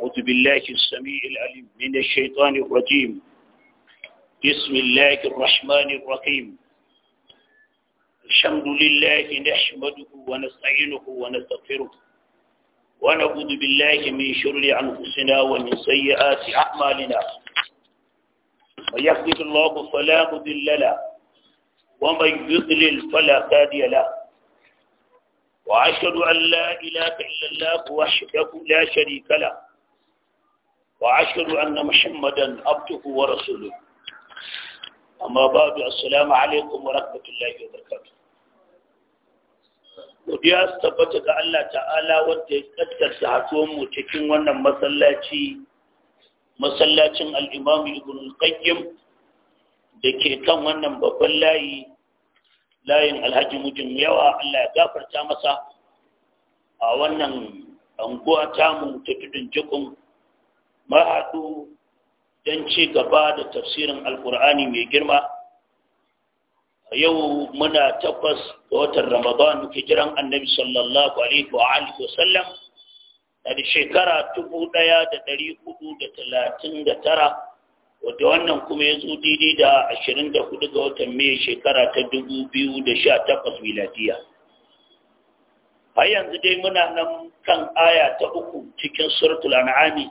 أعوذ بالله السميع العليم من الشيطان الرجيم بسم الله الرحمن الرحيم الحمد لله نحمده ونستعينه ونستغفره ونعوذ بالله من شر أنفسنا ومن سيئات أعمالنا ويهده الله فلا مضل له ومن يضلل فلا هادي له وأشهد أن لا إله إلا الله وحده لا شريك له وأشهد أن محمدا عبده ورسوله أما بعد السلام عليكم ورحمة الله وبركاته godiya ya tabbata ga Allah ta'ala wadda ya kaddarta hatuwanmu cikin wannan masallaci masallacin al'imam ibn al-qayyim da ke kan wannan babban layi layin alhaji mujin yawa Allah ya gafarta masa a wannan anguwa tamu ta tudun jikun mahaɗu don ci gaba da tafsirin alkur'ani mai girma yau muna tabbas ga watan ramadan kiran annabi sallallahu alaihi wa alihi wasallam da shekara 1439 wadda wannan kuma ya zo daidai da 24 ga watan mai shekara ta 2018 miladiya har yanzu dai muna nan kan aya ta uku cikin suratul an'ami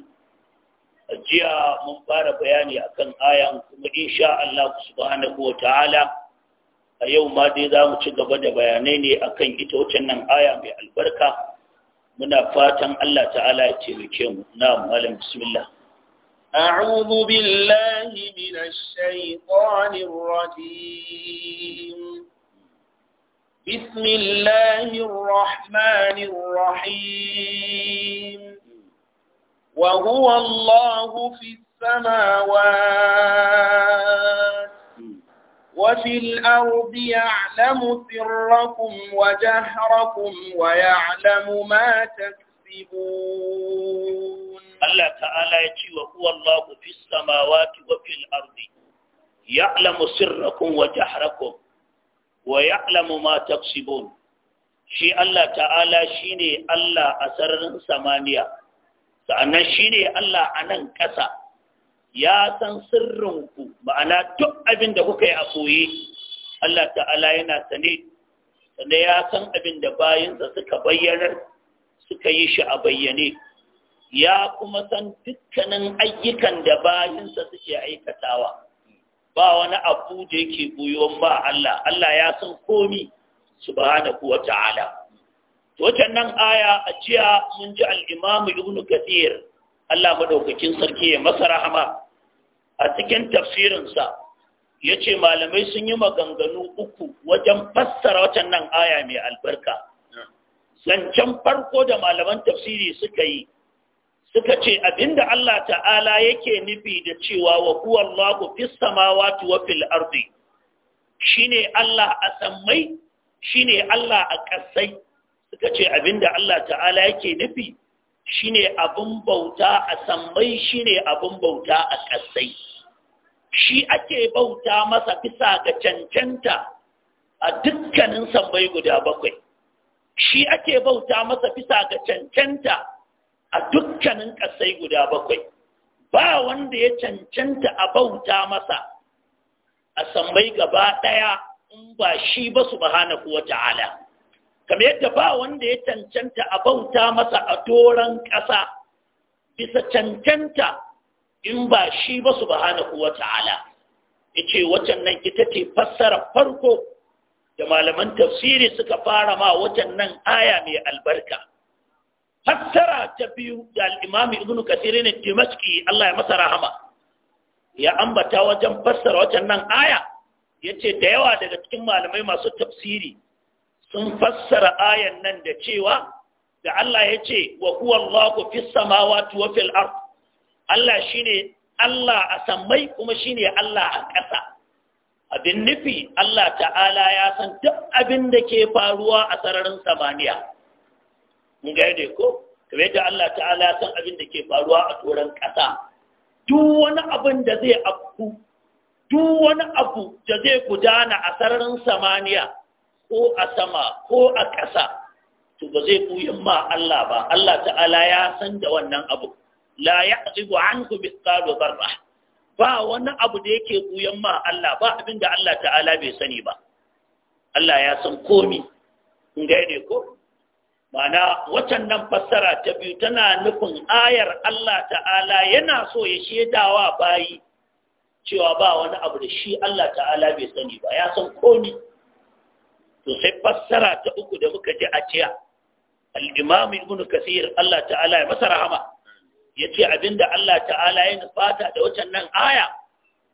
jiya mun fara bayani akan ayan kuma insha Allah subhanahu wa a yau ma dai za mu ci gaba da bayanai ne akan ita wacce nan aya mai albarka muna fatan Allah ta'ala ya taimake mu na malam bismillah أعوذ بالله من الشيطان الرجيم بسم الله الرحمن وهو الله في السماوات وفي الأرض يعلم سركم وجهركم ويعلم ما تكسبون الله تعالى يتي وهو الله في السماوات وفي الأرض يعلم سركم وجهركم ويعلم ما تكسبون شي الله تعالى شيني الله Allah سمانيا sa'annan shi ne Allah a nan ƙasa ya san sirrinku ma'ana duk abin da kuka yi a ɓoye Allah ta'ala yana sane sanda ya san abin da bayansa suka bayyanar suka yi shi a bayyane ya kuma san dukkanin ayyukan da bayansa suke aikatawa ba wani abu da yake goyon ba Allah Allah ya san komi subhanahu wa ta'ala wacan nan aya a jiya mun ji al'imamu ibn kathir Allah maɗaukakin sarki ya masa rahama a cikin tafsirinsa ya ce malamai sun yi maganganu uku wajen fassara wacan nan aya mai albarka zancen farko da malaman tafsiri suka yi suka ce abinda Allah ta'ala yake nufi da cewa wa huwa Allahu fis samawati wa fil ardi shine Allah a sammai shine Allah a ƙasai suka ce da Allah ta'ala yake nufi ne abin bauta a sammai ne abin bauta a ƙasai shi ake bauta masa bisa ga cancanta a dukkanin sammai guda bakwai shi ake bauta masa bisa ga cancanta a dukkanin ƙasai guda bakwai ba wanda ya cancanta a bauta masa a sammai gaba ɗaya in ba shi ba su subhanahu kuwa ta'ala kamar yadda ba wanda ya cancanta a bauta masa a doron ƙasa bisa cancanta in ba shi ba su bahana kuwa ta'ala ya ce wacan nan ita ce fassara farko da malaman tafsiri suka fara ma wacan nan aya mai albarka fassara ta biyu da al'imami ibn ne dimashki Allah ya masa rahama ya ambata wajen fassara wacan nan aya ya ce da yawa daga cikin malamai masu tafsiri sun fassara ayan nan da cewa da Allah ya ce wa huwa Allahu fis samawati wa fil ard Allah shine Allah a sammai kuma shine Allah a ƙasa abin nufi Allah ta'ala ya san duk abin da ke faruwa a sararin samaniya mun ga yadda ko kamar yadda Allah ta'ala ya san abin da ke faruwa a turan ƙasa duk wani abin da zai afku duk wani abu da zai gudana a sararin samaniya ko a sama ko a ƙasa to ba zai ɓuyin ma Allah ba Allah ta'ala ya san da wannan abu la ya'zibu anhu mithqalu dharra ba wani abu da yake buyin ma Allah ba abinda Allah ta'ala bai sani ba Allah ya san komi kun ga ne ko mana watan nan fassara ta biyu tana nufin ayar Allah ta'ala yana so ya shedawa bayi cewa ba wani abu da shi Allah ta'ala bai sani ba ya san komi to sai fassara ta uku da muka ji a ciya al-imam ibn kasir Allah ta'ala ya masa rahama yace abinda Allah ta'ala ya nufata da wannan nan aya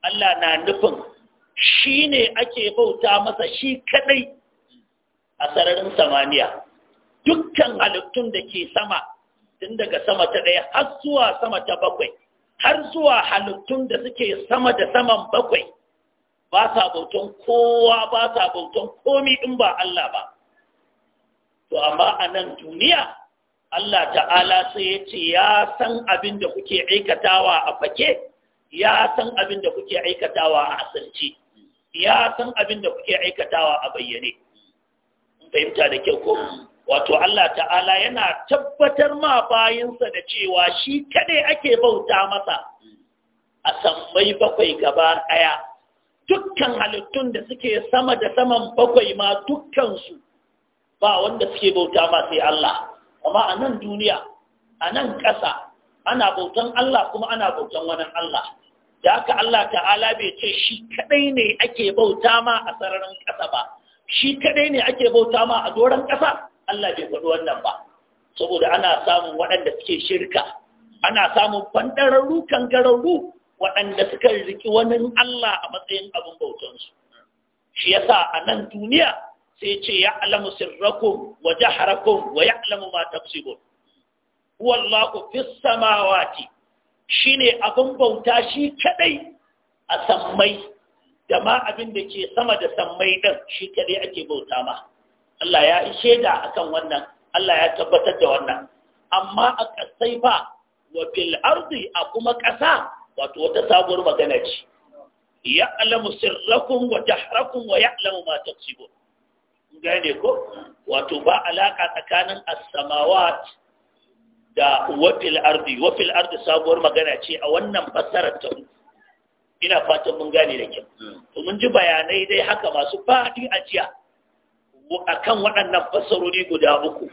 Allah na nufin shine ake bauta masa shi kadai a sararin samaniya dukkan halittun da ke sama tun daga sama ta ɗaya har zuwa sama ta bakwai har zuwa halittun da suke sama da saman bakwai ba sa bautan kowa ba sa bautan komi in ba Allah ba to amma a nan duniya Allah ta'ala sai ya ce ya san abin da kuke aikatawa a fake ya san abin da kuke aikatawa a asirci, ya san abin da kuke aikatawa a bayyane fahimta da kyau ko wato Allah ta'ala yana tabbatar ma bayinsa da cewa shi kadai ake bauta masa a sammai bakwai gaba ɗaya dukkan halittun da suke sama da saman bakwai ma dukkansu ba wanda suke bauta ma sai Allah amma a nan duniya a nan ƙasa ana bautan Allah kuma ana bautan wani Allah da haka Allah ta'ala bai ce shi kadai ne ake bauta ma a sararin ƙasa ba shi kadai ne ake bauta ma a doron ƙasa Allah bai faɗi wannan ba saboda ana samun waɗanda suke shirka ana samun bandararru kangararru waɗanda suka riki wani Allah a matsayin abin bautansu shi ya sa a nan duniya sai ce ya alamu sirrakun wa jaharakun wa ya alamu ma tafsibun wallahu fi samawati shine abin bauta shi kadai a sammai da ma abin da ke sama da sammai ɗan shi kadai ake bauta ma Allah ya ishe da akan wannan Allah ya tabbatar da wannan amma a ƙasai ba wa fil ardi a kuma ƙasa? wato wata sabuwar magana ce alamu sirrakum wa jahrakum wa ya'lamu ma taksibun gane ko wato ba alaka tsakanin as-samawat da wafil ardi wafil ardi sabuwar magana ce a wannan fassarar ta ina fatan mun gane da kyau hmm. to mun ji bayanai dai haka masu faɗi a jiya akan waɗannan fassarori guda uku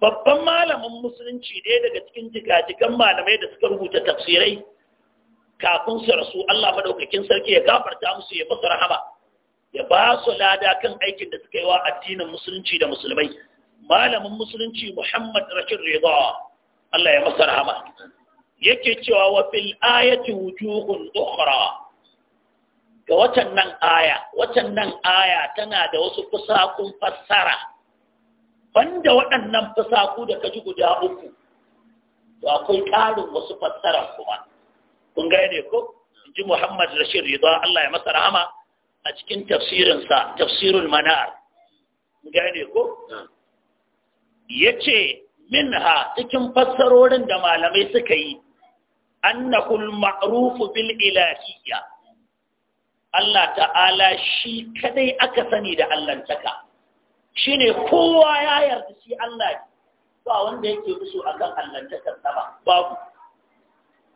babban malamin musulunci ɗaya daga cikin jigajigan malamai da suka rubuta tafsirai kafin su rasu Allah madaukakin sarki ya gafarta musu ya fasa rahama ya ba su lada kan aikin da suka yi wa addinin musulunci da musulmai malamin musulunci Muhammad Rashid Rida Allah ya masa rahama yake cewa wa fil ayati wujuhun ukhra ga watan nan aya watan nan aya tana da wasu fasakun fassara banda waɗannan fasaku da kaji guda uku to akwai ƙarin wasu fassara kuma kun gane ko ji Muhammad Rashid Ridha Allah ya masa rahama a cikin tafsirinsa tafsirul manar gane ko yace minha cikin fassarorin da malamai suka yi annakul ma'rufu bil ilahiyya Allah ta'ala shi kadai aka sani da allantaka shine kowa ya yarda shi Allah ba wanda yake musu akan allantakar ba babu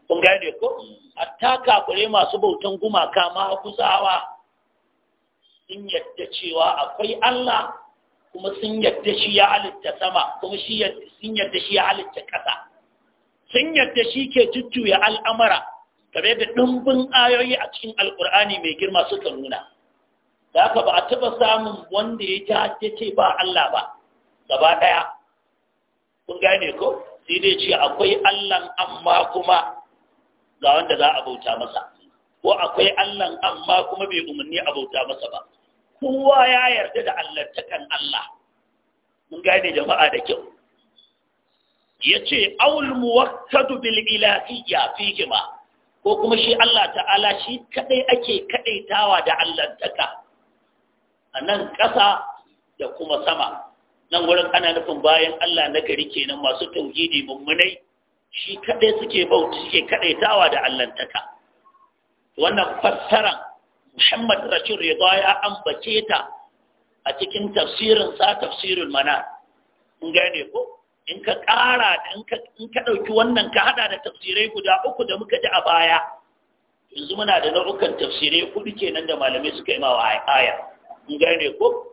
kun gane ko A taka kure masu bautan gumaka ma kusawa sun yadda cewa akwai Allah kuma sun yadda shi ya halitta sama kuma sun yadda shi ya halitta ƙasa sun yadda shi ke jujjuya al'amara game da ɗumbin ayoyi a cikin alƙur'ani mai girma suka nuna da haka ba a taɓa samun wanda ya ta ce ba Allah ba gaba ɗaya kun gane ko sai dai ce akwai Allah, amma kuma ga wanda za a bauta masa ko akwai Allahn amma kuma bai umarni a bauta masa ba kowa ya yarda da Allah Allah mun gane jama'a da kyau yace awul muwakkadu bil ilahiyya fi jima ko kuma shi Allah ta'ala shi kadai ake kadaitawa da Allah a nan ƙasa da kuma sama nan wurin ana nufin bayan Allah na gari kenan masu tauhidi mummunai shi kaɗai suke bauta suke kaɗaitawa da allantaka wannan fassaran muhammad rashid rida ya ambace ta a cikin tafsirin sa tafsirin mana in gane ko in ka ƙara in ka ɗauki wannan ka haɗa da tafsirai guda uku da muka ji a baya yanzu muna da nau'ukan tafsirai kuɗi kenan da malamai suka yi ma wa aya in gane ko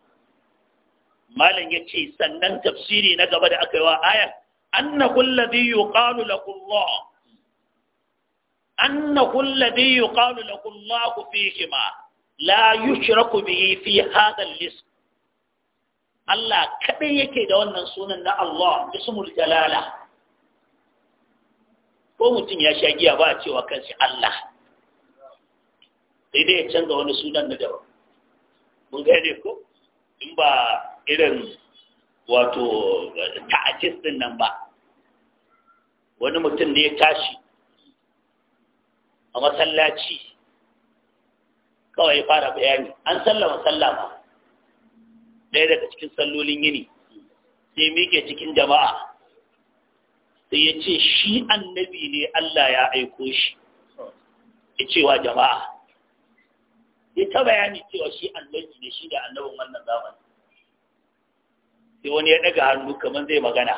malam ya ce sannan tafsiri na gaba da aka yi wa ayar annahu alladhi yuqalu lahu Allah annahu alladhi yuqalu lahu Allah fihima la yushraku bihi fi hadha al Allah kadai yake da wannan sunan na Allah ismul jalala ko mutum ya sha giya ba a kan kansa Allah sai dai ya canza wani sunan na daban mun gane ko in ba irin wato ta'ajis din nan ba wani mutum ne ya tashi a masallaci kawai fara bayani an sallama sallama ɗaya daga cikin sallolin yini sai mike cikin jama'a sai ya ce shi annabi ne Allah ya aiko shi ya cewa jama'a ya bayani cewa shi annabi ne shi da annabin wannan zamani sai wani ya daga hannu kamar zai magana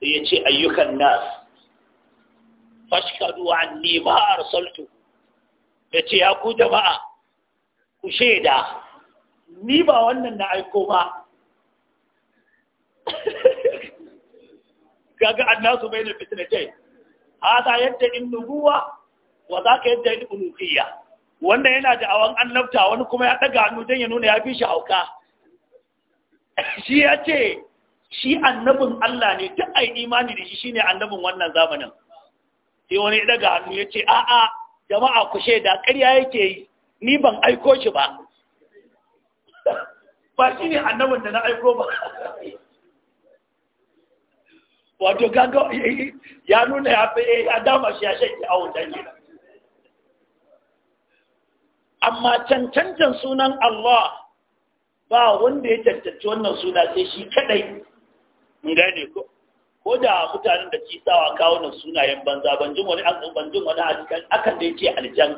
sai ya ce ayyukan nas fashkadu anni a rasaltu ya ce ya ku jama'a ku shaida ni ba wannan na aiko ba gaga nasu bai da A za yadda in nubuwa wa za ka yadda in uluhiyya wanda yana da awon annabta wani kuma ya daga hannu don ya nuna ya fi shi auka shi ya ce shi annabin Allah ne duk ai imani da shi shi ne annabin wannan zamanin sai wani daga hannu ya ce a'a jama'a ku shaida ƙarya yake yi ni ban aiko shi ba ba shi ne annabin da na aiko ba wato gaga ya nuna ya fi ya dama shi ya shaƙi a wutan amma cancancan sunan Allah ba wanda ya cancanci wannan suna sai shi kadai mun gane ko ko da mutanen da ke sawa kawo nan sunayen banza ban jin wani an ban jin wani aljan akan da yake aljan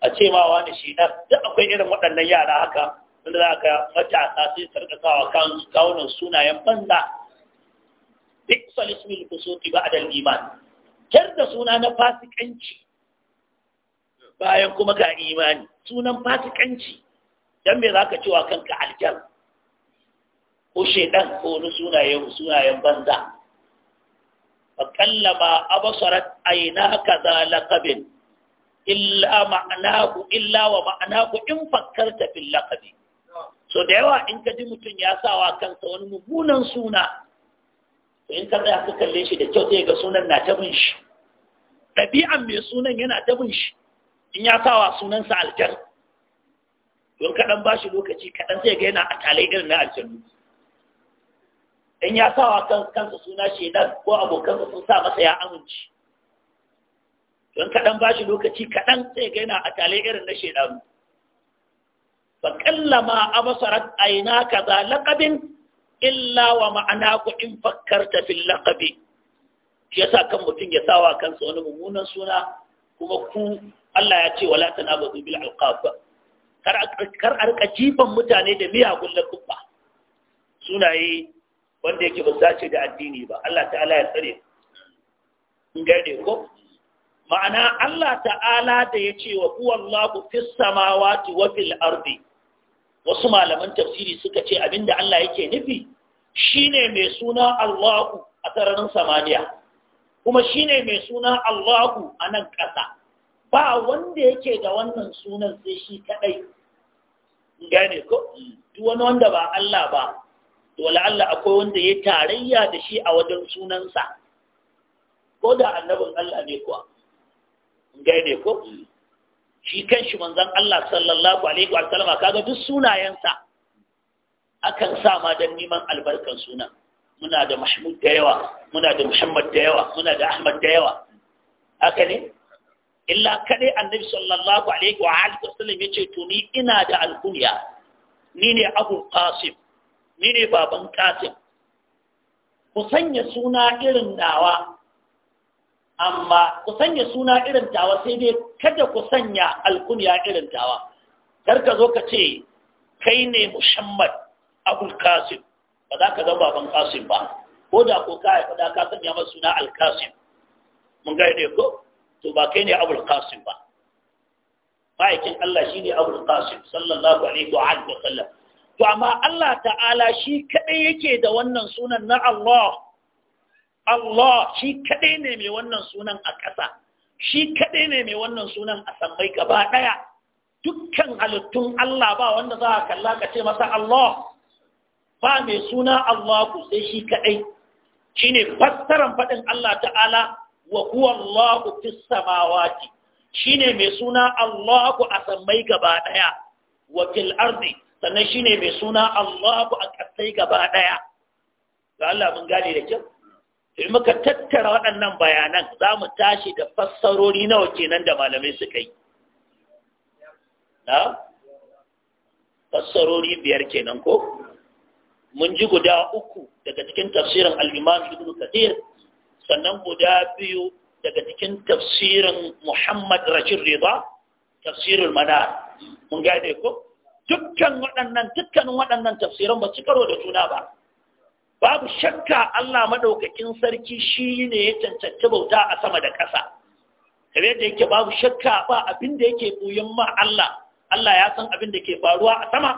a ce ma wani shi na. duk akwai irin waɗannan yara haka wanda za ka matasa sai rika sawa kan kawo nan sunayen banza duk mil kusuti ba adal iman kyar da suna na fasikanci bayan kuma ga imani sunan fasikanci dan me zaka cewa kanka aljan ko shedan ko wani sunaye sunayen banza fakallama abasarat kaza laqabin illa ma'anahu illa wa ma'anahu in fakkarta bil laqabi so da yawa in ka ji mutum ya wa kansa wani mugunan suna to in ka tsaya ka kalle shi da kyau sai ga sunan na tabin shi ɗabi'an mai sunan yana tabin shi in ya sa wa sunansa aljan don kaɗan ba shi lokaci kaɗan zai ga a talai irin na aljannu in ya sawa kansa suna shedan ko abokansa sun sa masa ya amince don kaɗan ba shi lokaci kaɗan zai ga a talai irin na shedanu fa kallama abasarat aina kaza laqabin illa wa ma'ana in fakkarta fil laqabi shi yasa kan mutum ya sawa kansa wani mummunan suna kuma ku Allah ya ce wala tanabazu bil alqab kar a rika jifan mutane da miyagun lakubba sunaye wanda yake ba da addini ba Allah ta'ala ya tsare in gane ko ma'ana Allah ta'ala da ya ce wa huwallahu fis samawati wa fil ardi wasu malaman tafsiri suka ce abinda Allah yake nufi shine mai suna Allahu a sararin samaniya kuma shine mai suna Allahu a nan ƙasa ba wanda yake da wannan sunan sai shi kaɗai. gane ko duk wani wanda ba Allah ba to Allah akwai wanda ya tarayya da shi a wajen sunansa ko da annabin Allah ne kuwa gane ko shi kan shi manzon Allah sallallahu alaihi wa sallama kaga duk sunayensa akan sa ma dan neman albarkan sunan muna da Mahmud da yawa muna da Muhammad da yawa muna da Ahmad da yawa haka ne illa kadai annabi sallallahu alaihi wa alihi wasallam yace to ni ina da alkunya ni ne abu qasim ni ne baban qasim ku sanya suna irin dawa amma ku sanya suna irin dawa sai dai kada ku sanya alkunya irin dawa. kar ka zo ka ce kai ne muhammad abul qasim ba za ka zama baban qasim ba ko da ko ka da ka sanya masa suna Alkasim? mun ga ko to ba kai ne abul qasim ba ma'aikin Allah shi ne abul qasim sallallahu alaihi wa alihi sallam to amma Allah ta'ala shi kadai yake da wannan sunan na Allah Allah shi kadai ne mai wannan sunan a ƙasa shi kadai ne mai wannan sunan a sammai gaba daya dukkan halittun Allah ba wanda za a kalla ka ce masa Allah ba mai suna Allah ku sai shi kadai shine fassaran faɗin Allah ta'ala wa huwa Allahu fis samawati shine mai suna Allahu a sammai gaba daya wa fil ardi sannan shine mai suna Allahu a kasai gaba daya ga Allah mun gane da kyau in muka tattara waɗannan bayanan za mu tashi da fassarori nawa kenan da malamai suka yi na fassarori biyar kenan ko mun ji guda uku daga cikin tafsirin al-Imam Ibn Kathir sannan guda biyu daga cikin tafsirin Muhammad Rashid Rida tafsirul Manar mun gane ko dukkan waɗannan dukkan waɗannan tafsiran ba su karo da juna ba babu shakka Allah madaukakin sarki shine ya cancanci bauta a sama da ƙasa kare da yake babu shakka ba abin da yake koyon ma Allah Allah ya san abin da ke faruwa a sama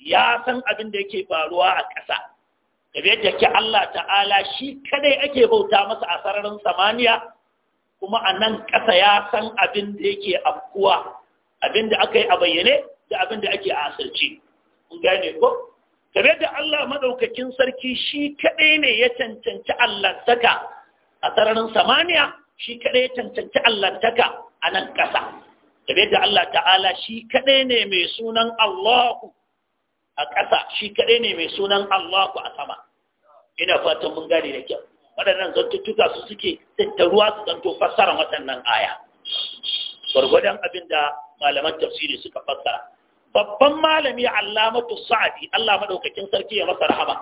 ya san abin da yake faruwa a ƙasa da yadda ke Allah ta'ala shi kadai ake bauta masa a sararin samaniya kuma a nan ƙasa ya san abin da yake afkuwa abin da aka yi a bayyane da abin da ake a asirce kun gane ko kamar da Allah madaukakin sarki shi kadai ne ya cancanci allantaka a sararin samaniya shi kadai ya cancanci allantaka a nan ƙasa kamar da Allah ta'ala shi kadai ne mai sunan Allahu a ƙasa shi kaɗai ne mai sunan Allahu a sama ina fatan mun da kyau waɗannan zantuttuka su suke tattaruwa su zanto fassara waɗannan aya gwargwadon abin da malaman tafsiri suka fassara babban malami allamatu sa'adi Allah Maɗaukakin sarki ya masa rahama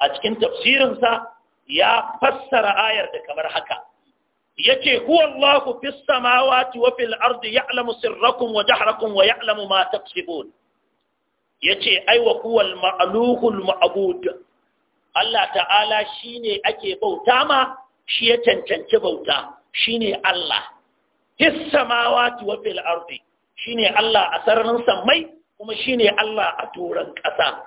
a cikin tafsirinsa ya fassara ayar da kamar haka yace huwa Allahu fis samawati wa fil ardi ya'lamu sirrakun wa jahrakum wa ya'lamu ma taksibun Ya ce aiwa kuwal ma'luhul Allah ta'ala shine ake bauta ma shi ya cancanci bauta shine Allah his samawati wa fil ardi Allah a sararin sammai kuma shine Allah a turan ƙasa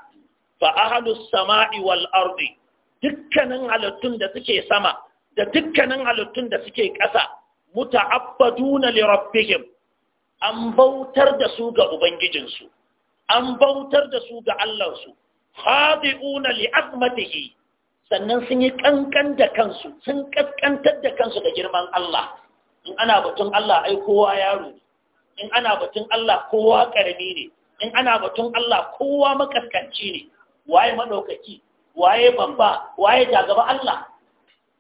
fa ahlus sama'i wal ardi dukkanin halittun da suke sama da dukkanin halittun da suke ƙasa muta'abbaduna li rabbihim an bautar da su ga ubangijinsu an bautar da su ga Allahnsu khadi'una li’azmatihi, sannan sun yi kankan da kansu sun kaskantar da kansu da girman Allah in ana batun Allah ai kowa yaro in ana batun Allah kowa karami ne in ana batun Allah kowa makaskanci ne waye madaukaki waye babba waye jagaba Allah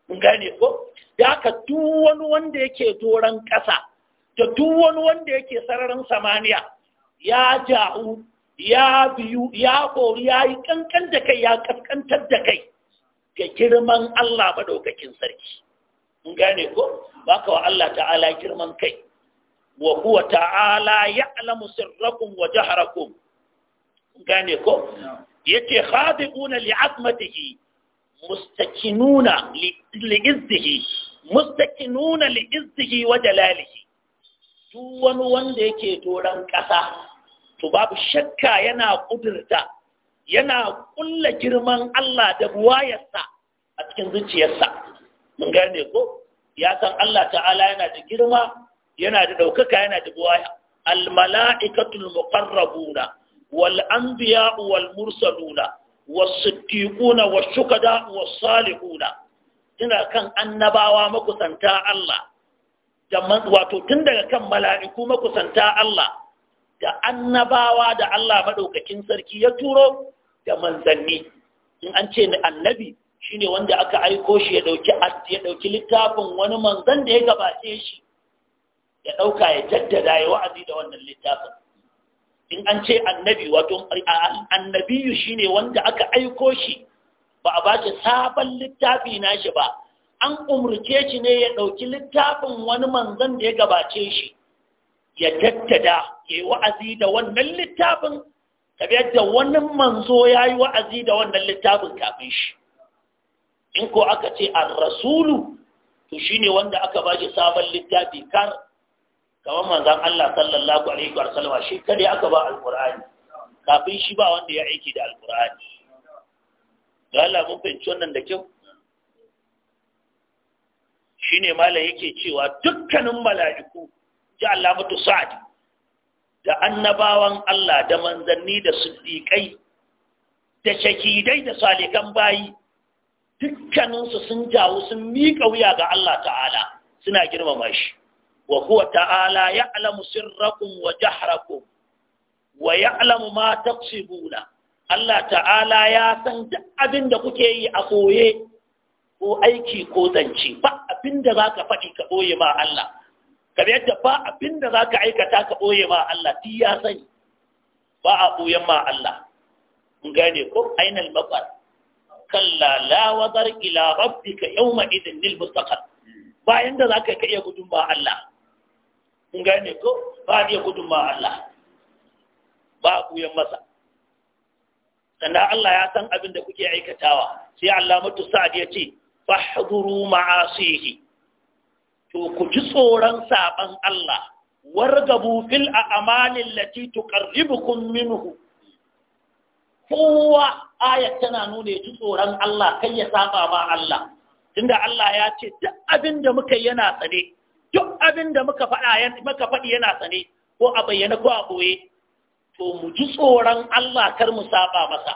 mun gane ko da ka duk wani wanda yake doron kasa da duk wani wanda yake sararin samaniya ya ja'u ya biyu ya kori ya yi kankan da kai ya kaskantar da kai ga girman Allah madaukakin sarki mun gane ko baka wa Allah ta'ala girman kai wa huwa ta'ala ya'lamu sirrakum wa jahrakum mun gane ko yace khadibuna li'azmatihi mustakinuna li'izzihi mustakinuna li'izzihi wa jalalihi duk wani wanda yake doron ƙasa to babu shakka yana ƙudurta yana ƙulla girman Allah da buwayarsa a cikin zuciyarsa mun gane ko ya san Allah ta'ala yana da girma yana da ɗaukaka yana da buwaya almala'ikatul muqarrabuna wal anbiya'u wal mursaluna was siddiquna was shuhada was salihuna tana kan annabawa makusanta Allah da wato tun daga kan mala'iku makusanta Allah da annabawa da Allah maɗaukakin sarki ya turo da manzanni in an ce annabi shine wanda aka aiko shi ya ɗauki ya ɗauki littafin wani manzan da ya gabace shi ya ɗauka ya jaddada ya wa'azi da wannan littafin in an ce annabi wato annabiyu shine wanda aka aiko shi ba a bashi sabon littafi nashi ba an umurce shi ne ya ɗauki littafin wani manzan da ya gabace shi ya tattada ya yi wa'azi da wannan littafin kamar yadda wani manzo ya yi wa'azi da wannan littafin kafin shi in ko aka ce an rasulu to shi ne wanda aka ba shi sabon littafi kar kamar manzan Allah sallallahu alaihi wasallama shi kare aka ba alƙur'ani kafin shi ba wanda ya aiki da alƙur'ani shi ne mun da kyau shine malam yake cewa dukkanin mala'iku ji alamatu sa'ad da annabawan Allah da manzanni da siddiƙai da shakidai da salikan bayi dukkaninsu sun jawo sun miƙa wuya ga Allah ta'ala suna girmama shi wa huwa ta'ala ya'lamu sirrakum wa jahrakum wa ya'lamu ma taqsibuna Allah ta'ala ya san duk abin da kuke yi a koye ko aiki ko zance ba abin da za ka faɗi ka ɓoye ma Allah kamar yadda ba abin da za ka aikata ka ɓoye ma Allah ti ya sani ba a ɓoyen ma Allah in gane ko ainal mafar kalla la wadar ka rabbika yawma idin lil mustaqal bayan da za ka iya gudun ma Allah in gane ko ba iya gudun ma Allah ba a ɓoyen masa sannan Allah ya san abin da kuke aikatawa sai Allah mutu sa'ad ya ce fahduru ma'asihi to ku ji tsoron saban Allah wargabu fil a'malin lati tuqarribukum minhu kowa ayat tana nuna ji tsoron Allah kai ya saba ba Allah tunda Allah ya ce duk abin muka yana tsare duk abin da muka faɗi yana tsare ko a bayyana ko a boye to mu ji tsoron Allah kar mu saba masa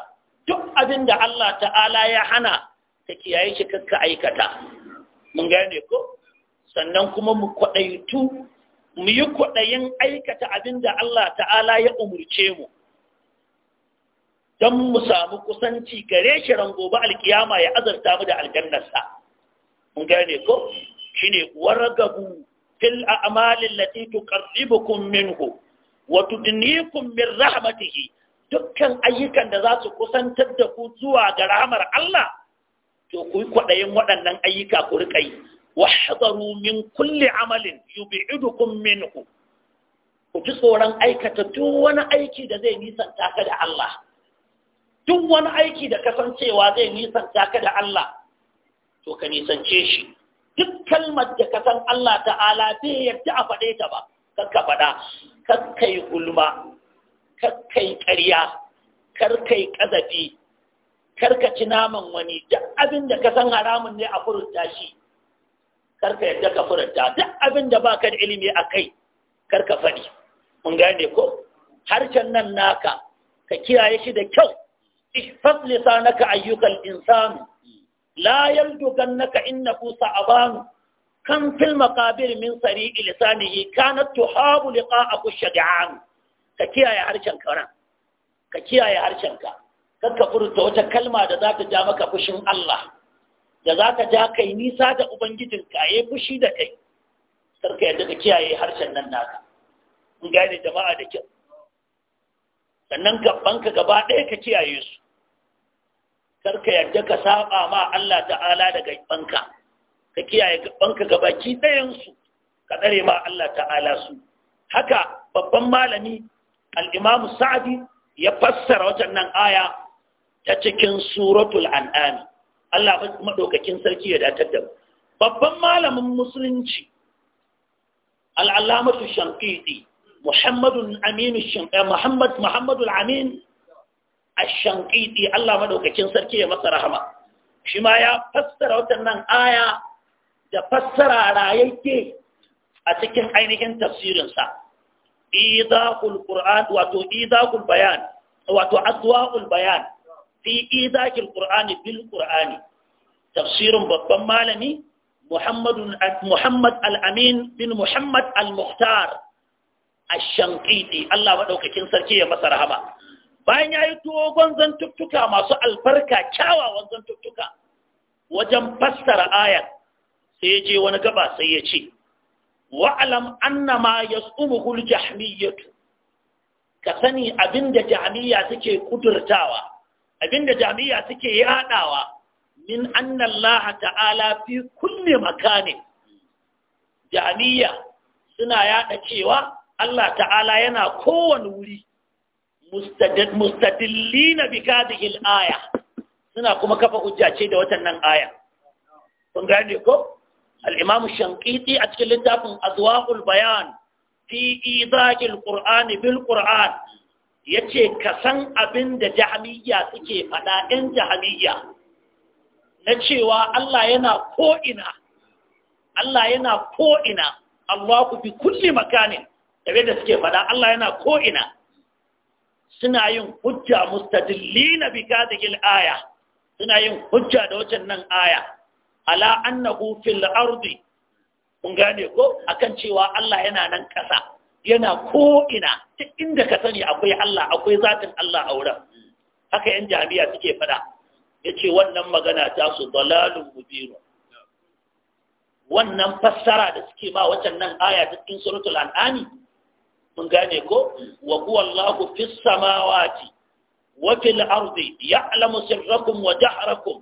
duk abin Allah ta'ala ya hana ka kiyaye shi kakka aikata mun gane ko sannan kuma mu kwaɗaitu mu yi kwaɗayin aikata abin da Allah ta'ala ya umurce mu don mu samu kusanci gare shi gobe alkiyama ya azarta mu da aljannarsa mun gane ko shine waragabu fil a'mali allati tuqarribukum minhu wa tudnikum min rahmatihi dukkan ayyukan da za su kusantar da ku zuwa ga rahamar Allah to ku kwaɗayin waɗannan ayyuka ku riƙa yi wahdaru min kulli amalin yub'idukum minhu ku ji tsoron aikata duk wani aiki da zai nisanta ka da Allah duk wani aiki da kasancewa zai nisanta ka da Allah to ka nisance shi duk kalmar da ka san Allah ta'ala bai yarda a faɗe ta ba kakka faɗa kai gulma kai ƙarya kar ƙazafi karkaci naman wani duk abin da ka san haramun ne a furta shi karka yadda ka furanta duk abin da baka da ilimi a kai karka faɗi mun gane ko harshen nan naka ka kiyaye shi da kyau ihfaz lisanaka ayyukal insan la yaldugannaka innahu sa'aban kan fil maqabir min sari'i lisanihi kanat tuhabu liqa'ahu shaj'an ka kiyaye harshen ka ran ka kiyaye harshen ka kakka furta wata kalma da za ta ja maka fushin Allah da za ka ja kai nisa da ubangijinka ya fushi da kai sarka yadda da kiyaye harshen nan naka in gane jama'a da kyau sannan gabanka gaba ɗaya ka kiyaye su sarka yadda ka saba ma Allah ta'ala da gabanka ka kiyaye gabanka ɗayan ɗayansu ka tsare ma Allah ta'ala su haka babban malami al Sa'adi, ya fassara nan aya ta cikin suratul an'ami. Allah madaukakin sarki ya datar da mu babban malamin musulunci al'alamatu shankiti muhammadun aminu eh, muhammad muhammadul amin a shankiti Allah madaukakin sarki ya masa rahama shi ma ya fassara watannan aya da fassara rayayyake a cikin ainihin tafsirinsa idakul qur'an wato idakul bayan wato azwaul bayan fi idakil bilƙur'ani tafsirin babban malami muhammad al-amin bin muhammad al-muhtar ashanqiti Allah madaukakin sarki ya masa rahama bayan yayi dogon zantuttuka masu albarka kyawawan zantuttuka wajen fassara ayar sai je wani gaba sai ya ce wa'alam annama yas'umuhu al ka sani abinda jahmiya suke kudurtawa abinda jami'a suke yadawa min anna Allah ta'ala fi kulli makani jami'a suna yada cewa Allah ta'ala yana kowane wuri mustadillina bi hadhihi al-aya suna kuma kafa hujja ce da watannan aya kun gane ko al-imam shanqiti a cikin littafin azwaqul bayan fi idaqil qur'ani bil qur'an ya ce ka san abin da jahamiyya suke faɗa ‘yan jahamiyya na cewa Allah yana ko'ina, Allah yana ko'ina, Allah ku fi kulle makanin, tabe da suke faɗa Allah yana ko'ina. Suna yin hujja mustadilli na bika da aya, suna yin hujja da wajen nan aya, ala annahu fil ardi, kun ko, akan cewa Allah yana nan ƙasa. yana ko'ina duk inda ka sani akwai Allah akwai zatin Allah a wurin haka yan jami'a suke fada ya wannan magana ta su dalalun mubiru wannan fassara da suke ba wacan nan aya ta cikin suratul an'ami mun gane ko wa huwa Allahu fis samawati wa fil ardi ya'lamu sirrakum wa jahrakum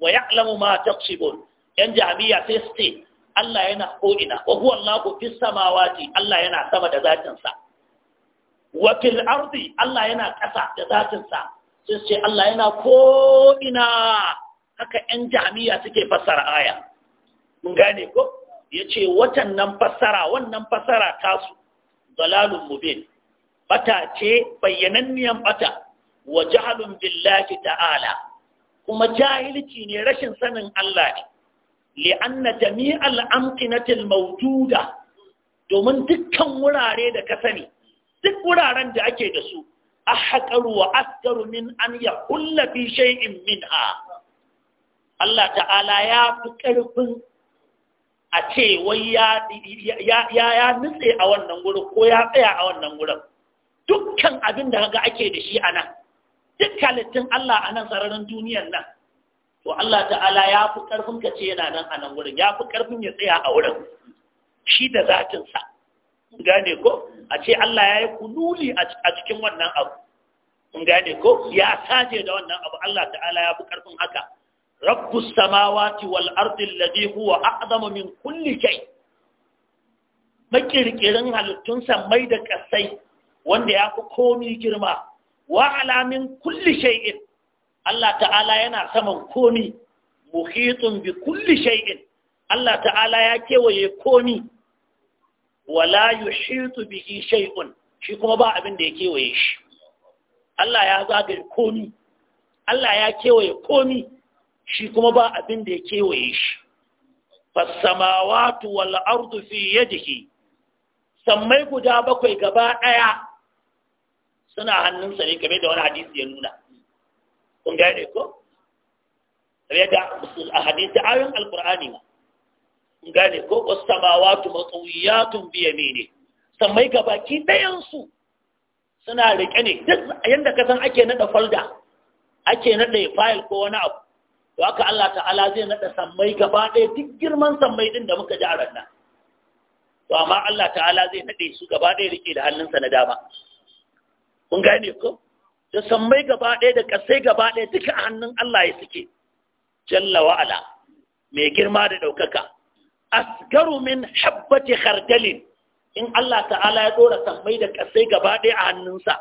wa ya'lamu ma taqsibun yan jami'a sai su Allah yana ko'ina, wa huwa Allahu fis samawati Allah yana sama da zatinsa, wa fil ardi Allah yana ƙasa da zatinsa, Sun ce Allah yana ko'ina haka ‘yan jami'a suke fassara aya. Mun gane ko? Ya ce watan fassara, wannan fassara tasu, dalalun mubin, bata ce bayyananniyan bata, wa jahalun billahi ta'ala, kuma jahilci ne rashin sanin Allah ne. li'anna jami'al amqinatil mawjuda domin dukkan wurare da ka sani duk wuraren da ake da su ahqaru wa asqaru min an yaqulla fi shay'in minha Allah ta'ala ya fi karfin a ce wai ya ya nutse a wannan wurin ko ya tsaya a wannan wurin dukkan abin da kaga ake da shi anan duk halittun Allah anan sararin duniyar nan to Allah ta'ala ya fi ƙarfin ka ce yana nan a nan wurin ya fi ƙarfin ya tsaya a wurin shi da zatinsa gane ko a ce Allah ya yi kululi a cikin wannan abu gane ko ya saje da wannan abu Allah ta'ala ya fi ƙarfin haka rabbus samawati wal ardi alladhi huwa a'zamu min kulli shay makirkirin halittun mai da kasai wanda ya fi komi girma wa alamin kulli shay'in Allah ta'ala yana saman komi muhitun bi kulli shay'in Allah ta'ala ya kewaye komi wala yushitu bihi shay'un shi kuma ba abin da ya kewaye shi Allah ya zagaye komi Allah ya kewaye komi shi kuma ba abin da ya kewaye shi fasamawatu wal ardu fi yadihi sammai guda bakwai gaba daya suna hannunsa ne game da wani hadisi ya nuna kun gane ko yadda a hadisi ayoyin alkur'ani ma kun gane ko wasu samawatu matsawiyatun biya ne sammai ga baki ɗayansu suna riƙe ne duk yanda ka san ake naɗa folder ake naɗa fayil ko wani abu to haka Allah ta'ala zai naɗa sammai gaba ɗaya duk girman sammai ɗin da muka ji a ranna? to amma Allah ta'ala zai nade su gaba ɗaya riƙe da hannunsa na dama kun gane ko da sammai gaba ɗaya da ƙasai gaba ɗaya duka a hannun Allah ya suke jalla wa'ala mai girma da ɗaukaka asgaru min habbati khardalin in Allah ta'ala ya ɗora sammai da ƙasai gaba ɗaya a hannunsa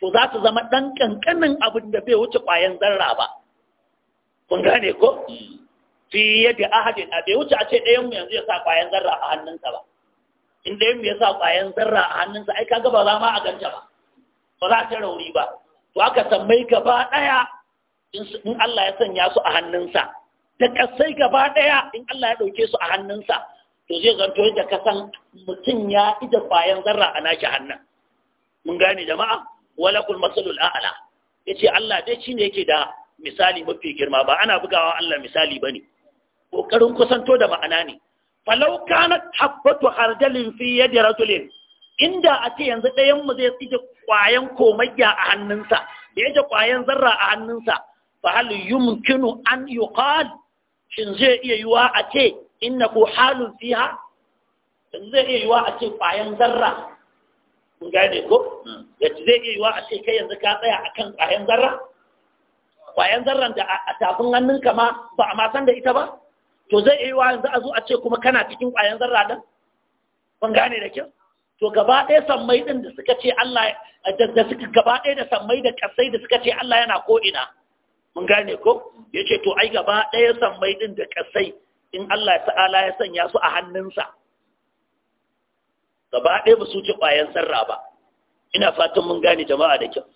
to za su zama ɗan ƙanƙanin abin da bai wuce ƙwayan zarra ba kun gane ko fi yadda ahadin a bai wuce a ce ɗayan mu yanzu ya sa ƙwayan zarra a hannunsa ba in ɗayan mu ya sa ƙwayan zarra a hannunsa ai kaga ba za ma a ganta ba ba za ta rauni ba to aka sammai gaba ɗaya in Allah ya sanya su a hannunsa da ƙasai gaba ɗaya in Allah ya ɗauke su a hannunsa to zai zanto yadda ka san mutum ya ija bayan zarra a nashi hannun mun gane jama'a walakul masalul Ya yace Allah dai shi ne yake da misali mafi girma ba ana bugawa Allah misali bane kokarin kusanto da ma'ana ne falau kanat habbatu hardalin fi yadi rajulin inda a ce yanzu ɗayan mu zai tsike ƙwayan komayya a hannunsa da yake ƙwayan zarra a hannunsa fa hal yumkinu an yuqal shin zai iya yiwa a ce ku halun fiha shin zai iya yiwa a ce ƙwayan zarra kun gane ko yace zai iya yiwa a ce kai yanzu ka tsaya akan ƙwayan zarra ƙwayan zarran da a tafin hannunka ma ba a san da ita ba to zai iya yiwa yanzu a zo a ce kuma kana cikin ƙwayan zarra din kun gane da kyau to gaba ɗaya sammai ɗin da suka ce Allah da suka gaba ɗaya da sammai da ƙasai da suka ce Allah yana ko ina mun gane ko ya ce to ai gaba ɗaya sammai ɗin da ƙasai in Allah ta'ala ya sanya su a hannunsa gaba ɗaya ba su ce ƙwayan sarra ba ina fatan mun gane jama'a da kyau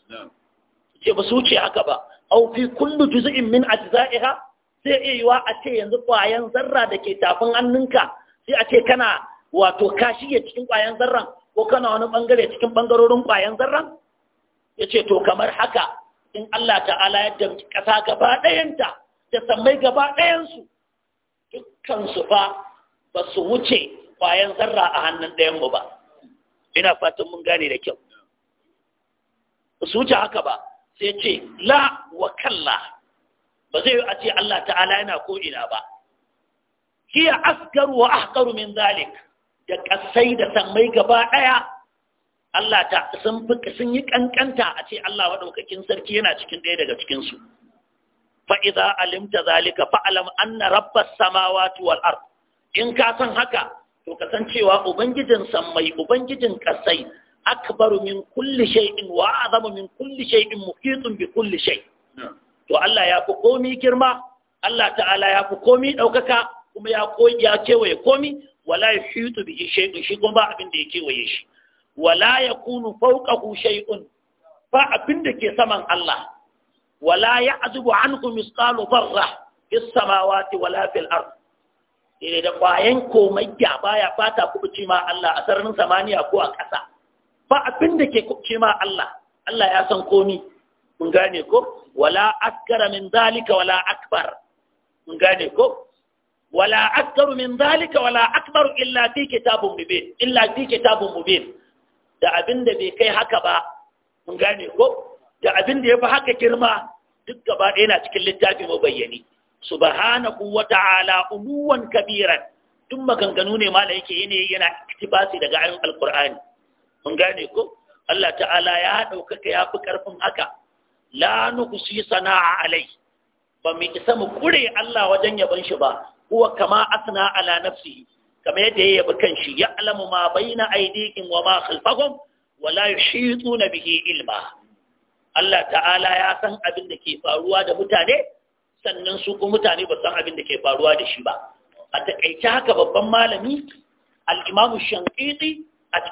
ce ba su ce haka ba au fi kullu juz'in min ajza'iha sai iya yiwa a ce yanzu ƙwayan zarra da ke tafin hannunka sai a ce kana wato ka shige cikin ƙwayan zarran ko kana wani bangare cikin bangarorin ƙwayan zarran ya ce to kamar haka in Allah ta'ala ya damci ƙasa gaba ɗayanta da sammai gaba ɗayansu dukkansu fa ba su wuce ƙwayan zarra a hannun ɗayanmu ba ina fatan mun gane da kyau ba su wuce haka ba sai ce la wa kalla ba zai yi a ce Allah ta'ala yana ko'ina ba hiya asgaru wa ahqaru min zalik da ƙasai da sammai gaba ɗaya Allah ta sun fi sun yi ƙanƙanta a ce Allah maɗaukakin sarki yana cikin ɗaya daga cikinsu. Fa'iza alimta zalika fa'alam anna rabbas samawati wal ard in ka san haka to ka san cewa ubangijin sammai ubangijin kasai akbaru min kulli shay'in wa azamu min kulli shay'in muhitun bi kulli shay to Allah ya fi komi girma Allah ta'ala ya fi komi ɗaukaka kuma ya kewaye komi wala yuhitu bihi shay'un shi kuma ba abin da yake waye shi wala fauka fawqahu shay'un ba abin da ke saman Allah wala ya'zubu anhu misqalu dharra fis samawati wala fil ard ire da kwayan ya baya fata ku ci ma Allah a sararin samaniya ko a ƙasa ba abin da ke ci ma Allah Allah ya san komi mun gane ko wala akara min zalika wala akbar mun gane ko wala aktaru zalika wala akbaru illa fi kitabun mubin da abin da bai kai haka ba mun gane ko da abin da ya fi haka girma duk gaba ɗaya na cikin littafi mu mabayyani subhanahu wa ta'ala uluwan kabiran duk maganganu ne mala yake yene yana iktibasi daga ayoyin alqur'ani mun gane ko Allah ta'ala ya ɗaukaka ya fi ƙarfin haka la nuqsi sana'a alai ba mu isa mu kure Allah wajen yabon shi ba huwa kama asna ala nafsi kama yadda ya yabi kanshi ya alamu ma baina aydihim wa ma khalfahum wa la yuhituna bihi ilma Allah ta'ala ya san abin da ke faruwa da mutane sannan su kuma mutane ba san abin da ke faruwa da shi ba a takaice haka babban malami al-imamu a cikin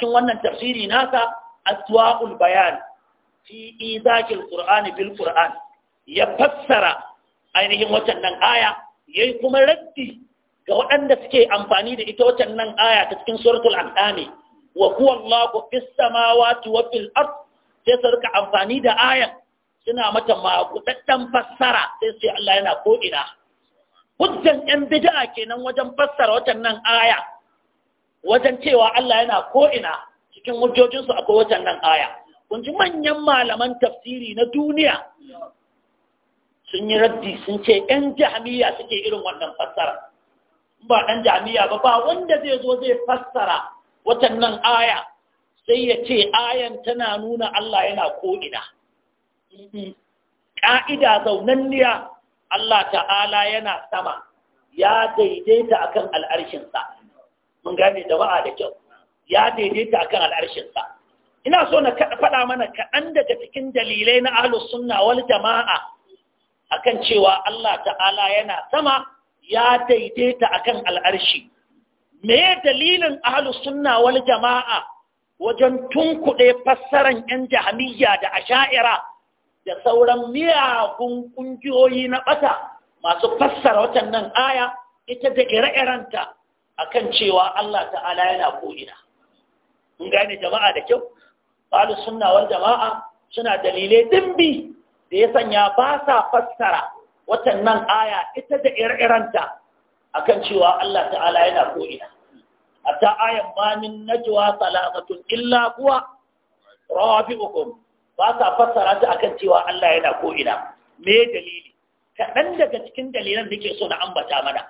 wannan tafsiri nasa aswa'ul bayan fi izakil qur'ani bil qur'an ya fassara ainihin nan aya yayi kuma raddi ga waɗanda suke amfani da ita nan aya ta cikin suratul an'am wa huwa Allahu fis samawati wa fil ard sai su rika amfani da aya suna mata makudaddan fassara sai sai Allah yana ko ina hujjan yan bid'a kenan wajen fassara nan aya wajen cewa Allah yana ko ina cikin hujjojinsu akwai nan aya kun ji manyan malaman tafsiri na duniya sun yi raddi sun ce ‘yan jami'a suke irin wannan fassara ba ɗan jami'a ba ba wanda zai zo zai fassara watannan aya sai ya ce ayan tana nuna Allah yana ko'ina ƙa'ida zaunanniya Allah ta'ala yana sama ya daidaita akan al'arshinsa mun gane da da kyau ya daidaita akan al'arshinsa ina so na faɗa mana kaɗan daga cikin dalilai na ahlus sunna wal jama'a akan cewa Allah ta'ala yana sama ya daidaita akan al'arshi me dalilin ahlus sunna wal jama'a wajen tunkuɗe fassaran 'yan jahamiyya da asha'ira da sauran miyagun ƙungiyoyi na ɓata masu fassara watannan aya ita da ire-irenta akan cewa Allah ta'ala yana ko'ina. Mun gane jama'a da kyau, ɓalu suna wal jama'a suna dalilai dimbi da ya sanya ba sa fassara watannan aya ita da ire a akan cewa Allah ta'ala yana ko'ina a ta ayan mamin jiwa salamatun illa kuwa hukum ba sa fassara ta akan cewa Allah yana ko'ina me dalili kaɗan daga cikin dalilan da ke so na ambata mana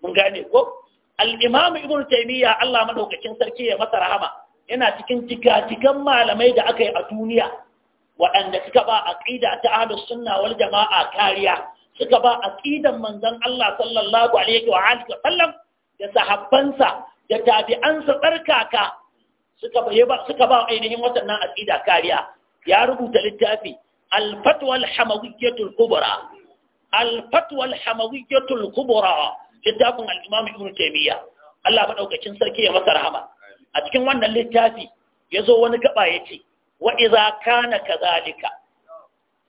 mun gane ko al'imamu ibn taimiyya Allah maɗaukacin sarki ya masa rahama yana cikin jika-jikan malamai da aka yi a duniya waɗanda suka ba aqida ta ahlus sunna wal jama'a kariya suka ba ƙidan manzon Allah sallallahu alaihi wa alihi wa sallam da sahabbansa da tabi'ansa tsarkaka suka ba suka ba ainihin waɗannan aqida kariya ya rubuta littafi al-fatwa al-hamawiyyatul kubra al-fatwa al-hamawiyyatul kubra littafin al-imam ibn taymiyyah Allah madaukakin sarki ya masa rahama a cikin wannan littafi yazo wani gaba yace wa iza kazalika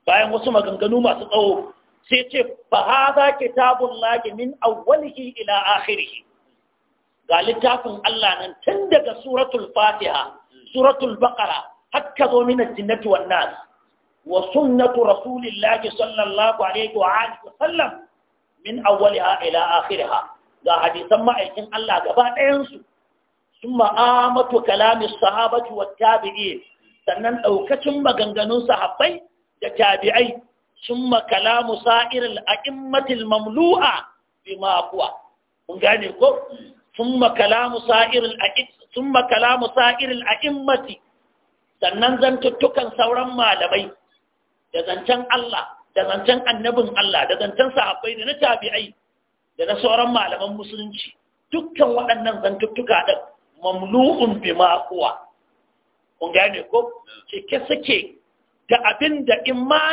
bayan wasu maganganu masu tsawo sai ce fa hadha kitabullahi min awwalihi ila akhirih ga littafin Allah nan tun daga suratul fatiha suratul baqara harka zo min jinnati wan nas wa sunnatu rasulillahi sallallahu alaihi wa alihi sallam min awwaliha ila akhiriha ga hadisan ma'aikin Allah gaba ɗayan su summa amatu kalami sahabati wat tabi'in sannan ɗaukacin maganganun sahabbai da tabi'ai sun makalamu sa'iril a'immatil mamlu'a bi kuwa. Mun gane ko? Sun makalamu sa'iril a'immati sannan zantuttukan sauran malamai da zancen Allah, da zancen annabin Allah, da zancen sahabbai da na tabi'ai da na sauran malaman musulunci. Dukkan waɗannan zantuttuka ɗin mamlu'un bi kuwa. kun gane ko cike suke da abin da imma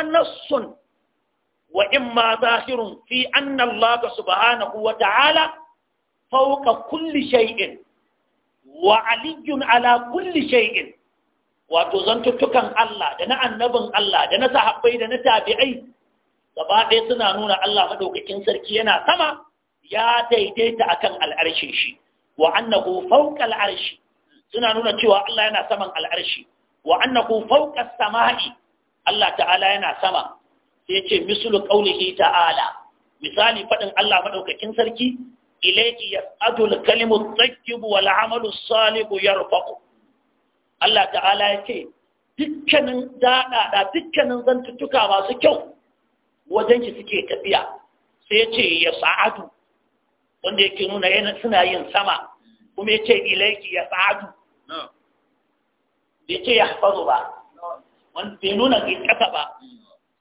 wa imma zahirun fi anna Allah subhanahu wa ta'ala fawqa kulli shay'in wa aliyyun ala kulli shay'in wato zantuttukan Allah da na annabin Allah da na sahabbai da na tabi'ai gaba ɗaya suna nuna Allah madaukakin sarki yana sama ya daidaita akan al'arshin shi wa annahu fawqa al'arshi suna nuna cewa Allah yana saman al'arshi wa annahu fawqa samai Allah ta'ala yana sama sai ce mislu qawlihi ta'ala misali faɗin Allah madaukakin sarki Ilaiki yas'adu al-kalimu at-tayyib wal 'amalu as-salihu yarfa'u Allah ta'ala yace dukkanin da dukkanin zantuttuka masu kyau wajen ki suke tafiya sai ce yas'adu wanda yake nuna yana suna yin sama kuma yace ya yas'adu bai ce ya fazo ba wanda bai nuna ƙasa ba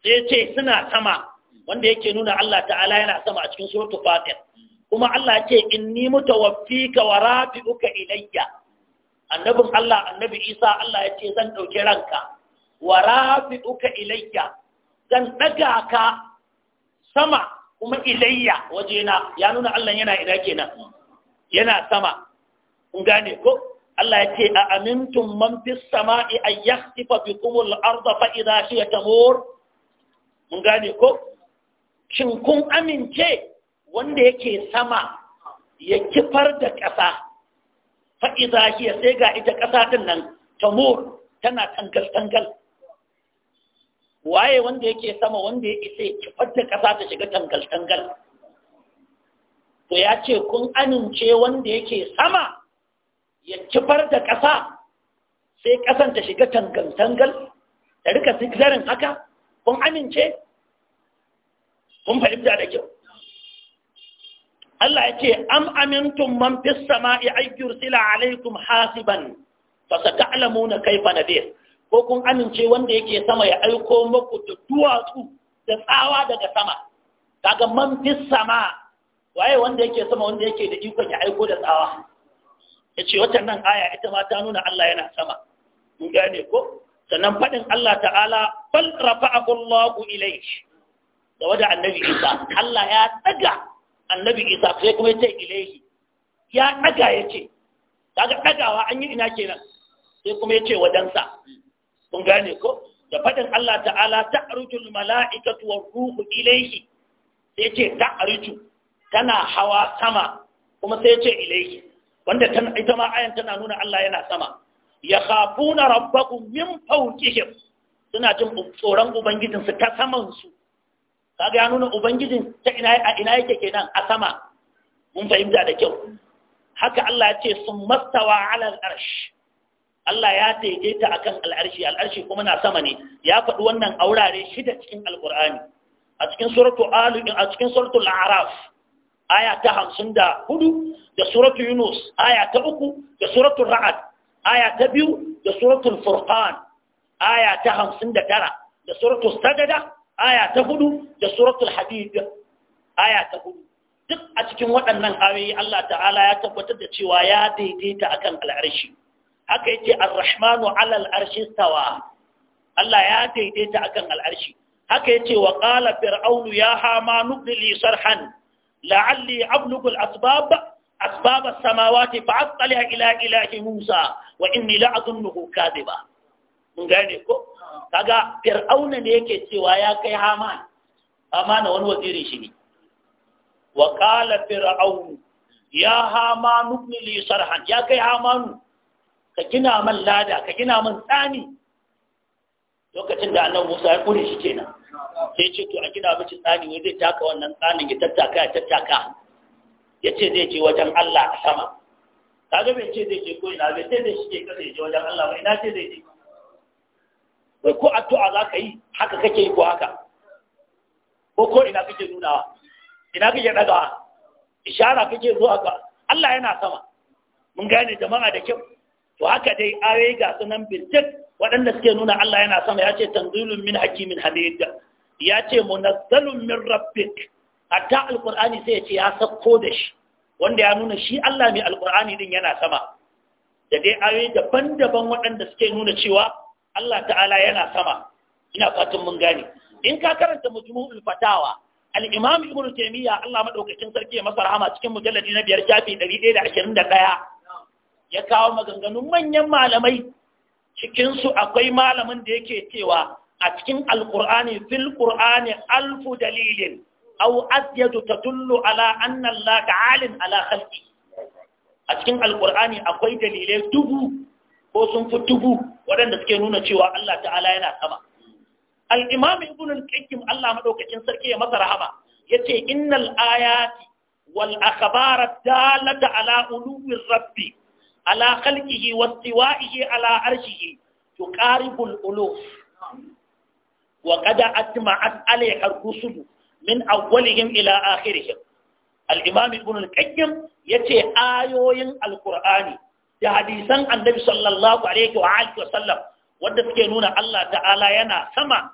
sai ce suna sama wanda yake nuna Allah ta'ala yana sama a cikin surutu fatin, kuma Allah ce in ni wafi ka wa uka ilayya annabin Allah annabi Isa Allah ya ce zan ɗauki ranka wa uka ilayya zan ɗaga ka sama kuma ilayya wajena ya nuna Allah yana ina kenan yana sama kun gane ko Allah ya ce a amintum man ya sama'i ay yahtifa bikumul arda fa shi ya tamur mun gane ko shin kun amince wanda yake sama ya kifar da ƙasa fa shi ya sai ga ita ƙasa din nan tamur tana tangal tangal waye wanda yake sama wanda ya isa ya kifar da ƙasa ta shiga tangal tangal to ya ce kun amince wanda yake sama ya kifar da ƙasa sai ƙasan ta shiga tangal-tangal da rika zarin haka kun amince kun fahimta da kyau Allah ya ce am amintun man fissa ma'i aikiyar sila alaikum hasiban fa sata'lamuna na nadir ko kun amince wanda yake sama ya aiko muku da duwatsu da tsawa daga sama kaga man fissa ma. waye wanda yake sama wanda yake da ikon ya aiko da tsawa ya ce watan aya ita ma ta nuna Allah yana sama mun gane ko sannan faɗin Allah ta'ala bal rafa'ahu Allah ilayhi da wada annabi Isa Allah ya daga annabi Isa sai kuma ya ce ilayhi ya daga ya ce dagawa an yi ina kenan sai kuma ya ce wadansa mun gane ko da faɗin Allah ta'ala ta'rujul mala'ikatu war ruhu ilayhi sai ya ce ta'ruju tana hawa sama kuma sai ya ce ilayhi wanda ita ma ayan tana nuna Allah yana sama ya khafuna rabbakum min fawqihim suna jin tsoron ubangijin su ta saman su kaga ya nuna ubangijin ta ina a ina yake kenan a sama mun fahimta da kyau haka Allah ya ce sun mastawa ala al-arsh Allah ya ta akan al-arshi al-arshi kuma na sama ne ya faɗi wannan aurare shida cikin al-Qur'ani a cikin suratu alu suratul aya ta hamsin da hudu da suratul yunus aya ta uku da suratul ra'ad aya ta biyu da suratul furqan aya ta hamsin da tara da suratul sadada. aya ta hudu da suratul hadid aya ta hudu duk a cikin waɗannan ayoyi Allah ta'ala ya tabbatar da cewa ya daidaita akan al'arshi haka yake ar-rahmanu 'ala al-arshi stawa Allah ya daidaita akan al'arshi haka yace wa qala fir'aunu ya hama nubli sarhan la'alli ablugul asbab asbab as-samawati fa ila ilahi Musa wa inni la azunnuhu mun gane ko kaga fir'auna ne yake cewa ya kai haman na wani wazirin shi ne wa qala fir'aun ya hamanu li ya kai hamanu ka gina man lada ka gina man tsani lokacin da annabi Musa ya kure shi kenan sai ce to a gina mace tsani ne zai taka wannan tsanin ya tattaka ya tattaka ya ce zai je wajen Allah a sama ga bai ce zai je ko ina bai ce zai shige kasa ya je wajen Allah ba ina ce zai je wai ko addu'a za ka yi haka kake yi ko haka ko ko ina kake nunawa ina kake wa? ishara kake zuwa ga Allah yana sama mun gane jama'a da kyau to haka dai ayoyi ga sunan birtik waɗanda suke nuna Allah yana sama ya ce tanzilun min hakimin hamid ya ce munazzalun min rabbik hatta alqur'ani sai ya ce ya sako da shi wanda ya nuna shi Allah mai alqur'ani din yana sama da dai ayoyi daban-daban waɗanda suke nuna cewa Allah ta'ala yana sama ina fatan mun gane in ka karanta mujmu'ul fatawa al-imam ibn taymiya Allah madaukakin sarki ya masa rahama cikin mujalladi na biyar da 121 ya kawo maganganun manyan malamai cikinsu akwai malamin da yake cewa a cikin alkur'ani fil qur'ani alfu dalilin aw asyadu tadullu ala anna Allah ta'alin ala khalqi a cikin alkur'ani akwai dalilai dubu ko sun fi dubu waɗanda suke nuna cewa Allah ta'ala yana sama al-imam ibn al-qayyim Allah madaukakin sarki ya masa rahama yace innal ayati wal akhbarat dalata ala uluwir rabbi ala khalqihi wastiwa'ihi ala arshihi tuqaribul uluf wa qad atma'at alayha ar-rusul min awwalihim ila akhirihim al-imam ibn al-qayyim yace ayoyin al-qur'ani da hadisan annabi sallallahu alaihi wa alihi wa sallam wanda suke nuna Allah ta'ala yana sama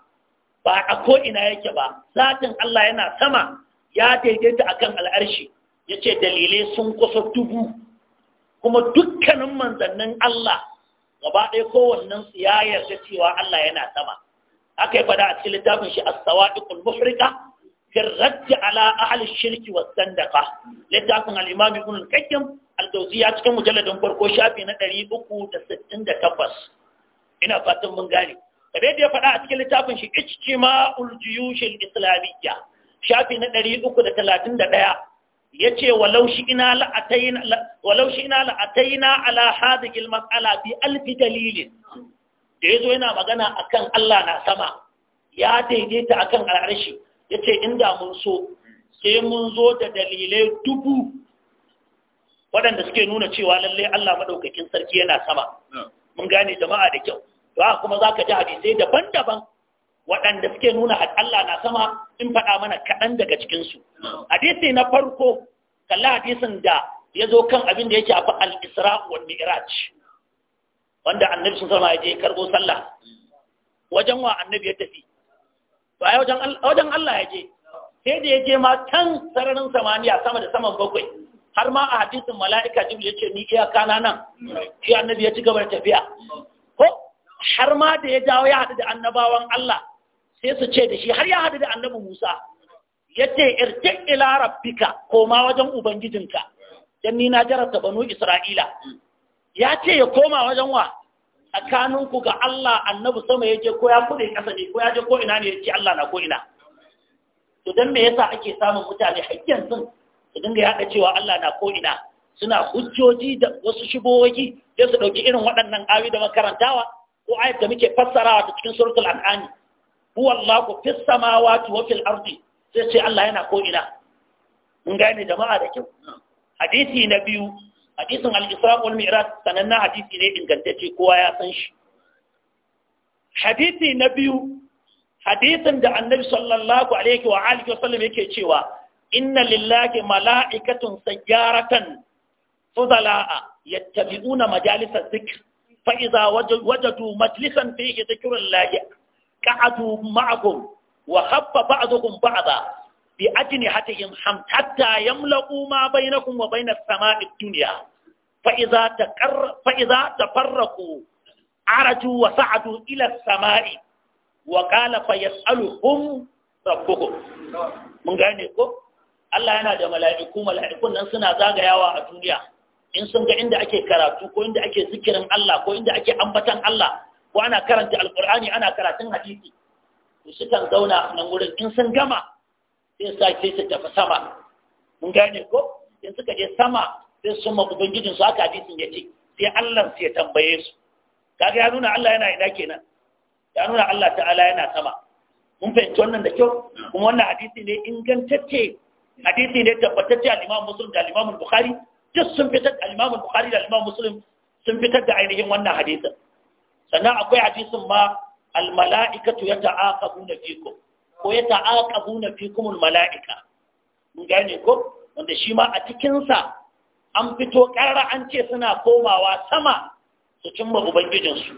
ba a ko ina yake ba zatin Allah yana sama ya daidaita akan al'arshi yace dalilai sun kusa dubu kuma dukkanin manzannin Allah gaba ɗaya kowannen su ya yarda cewa Allah yana sama aka yi fada a cikin littafin shi as-sawa'iqul muhrika fi radd ala ahli shirki was sandaqa littafin al-imam ibn al-qayyim al-jawziya cikin mujalladin farko shafi na 368 ina fatan mun gane kamar ya faɗa a cikin littafin shi ijtima'ul juyushil islamiyya shafi na 331 ya ce walau shi ina la'ataina ala gilman ala bi alfi dalilin da ya zo yana magana akan Allah na sama ya daidaita akan al'arshi yace inda mun so sai mun zo da dalilai dubu waɗanda suke nuna cewa lalle Allah maɗaukakin sarki yana sama mun gane jama'a da kyau ba kuma za ka ji hadisai daban-daban waɗanda suke nuna Allah na sama in faɗa mana kaɗan daga cikinsu. Hadisi na farko, kalla hadisin da ya zo kan abin da yake a al-Isra wa Mi'raj. Wanda annabi sun sama ya je karɓo sallah. Wajen wa annabi ya tafi. Ba ya wajen Allah ya je. Sai da ya je ma can sararin samaniya sama da saman bakwai. Har ma a hadisin mala'ika jim ya ce ni iyaka kana nan. Shi annabi ya ci gaba da tafiya. Ko har ma da ya dawo ya haɗu da annabawan Allah sai su ce da shi har ya haɗu da annabi Musa ya ce irti ila rabbika koma wajen ubangijinka dan ni na jarabta banu Isra'ila ya ce ya koma wajen wa ku ga Allah annabi sama yake ko ya kudi kasa ne ko ya je ko ina ne yake Allah na ko ina to dan me yasa ake samun mutane hakkin sun su dinga yaɗa cewa Allah na ko ina suna hujjoji da wasu shibowoki sai su ɗauki irin waɗannan ayoyi da makarantawa ko ayat da muke fassarawa ta cikin suratul an'am huwa Allahu fis samawati wa fil ardi sai ce Allah yana ko ina mun gane jama'a da kyau hadisi na biyu hadisin al-Isra wal Mi'raj sanannen hadisi ne ingantacce kowa ya san shi hadisi na biyu hadisin da annabi sallallahu alaihi wa alihi wasallam yake cewa inna lillahi mala'ikatun sayyaratan fudala'a yattabi'una majalisa dhikr fa idza wajadu majlisan fihi dhikrullahi qa'adu ma'akum wa habba ba'dukum ba'da bi ajnihatihim hatta yamlaqu ma bainakum wa bainas sama'i dunya fa idza taqarra wa sa'adu ila mun gane Allah yana da mala'iku mala'ikun nan suna zagayawa a duniya in sun ga inda ake karatu ko inda ake zikirin Allah ko inda ake ambatan Allah ko ana karanta alkur'ani ana karatun hadisi to sukan zauna a nan wurin in sun gama sai sa sai su tafi sama mun gane ko in suka je sama sai sun ma ubangijin su haka hadisin ya ce sai Allah sai ya tambaye su kaga ya nuna Allah yana ina kenan ya nuna Allah ta'ala yana sama mun fahimci wannan da kyau kuma wannan hadisi ne ingantacce hadisi ne tabbatacce al-Imam Muslim da al-Imam Bukhari duk sun fitar al-Imam Bukhari da al-Imam Muslim sun fitar da ainihin wannan hadisin sannan akwai hadisin ma almala'ikatu ya ta'aqabu na fikum ko ya ta'aqabu na fikum almala'ika mun gane ko wanda shi ma a cikin sa an fito karara an ce suna komawa sama su cimma ubangijin su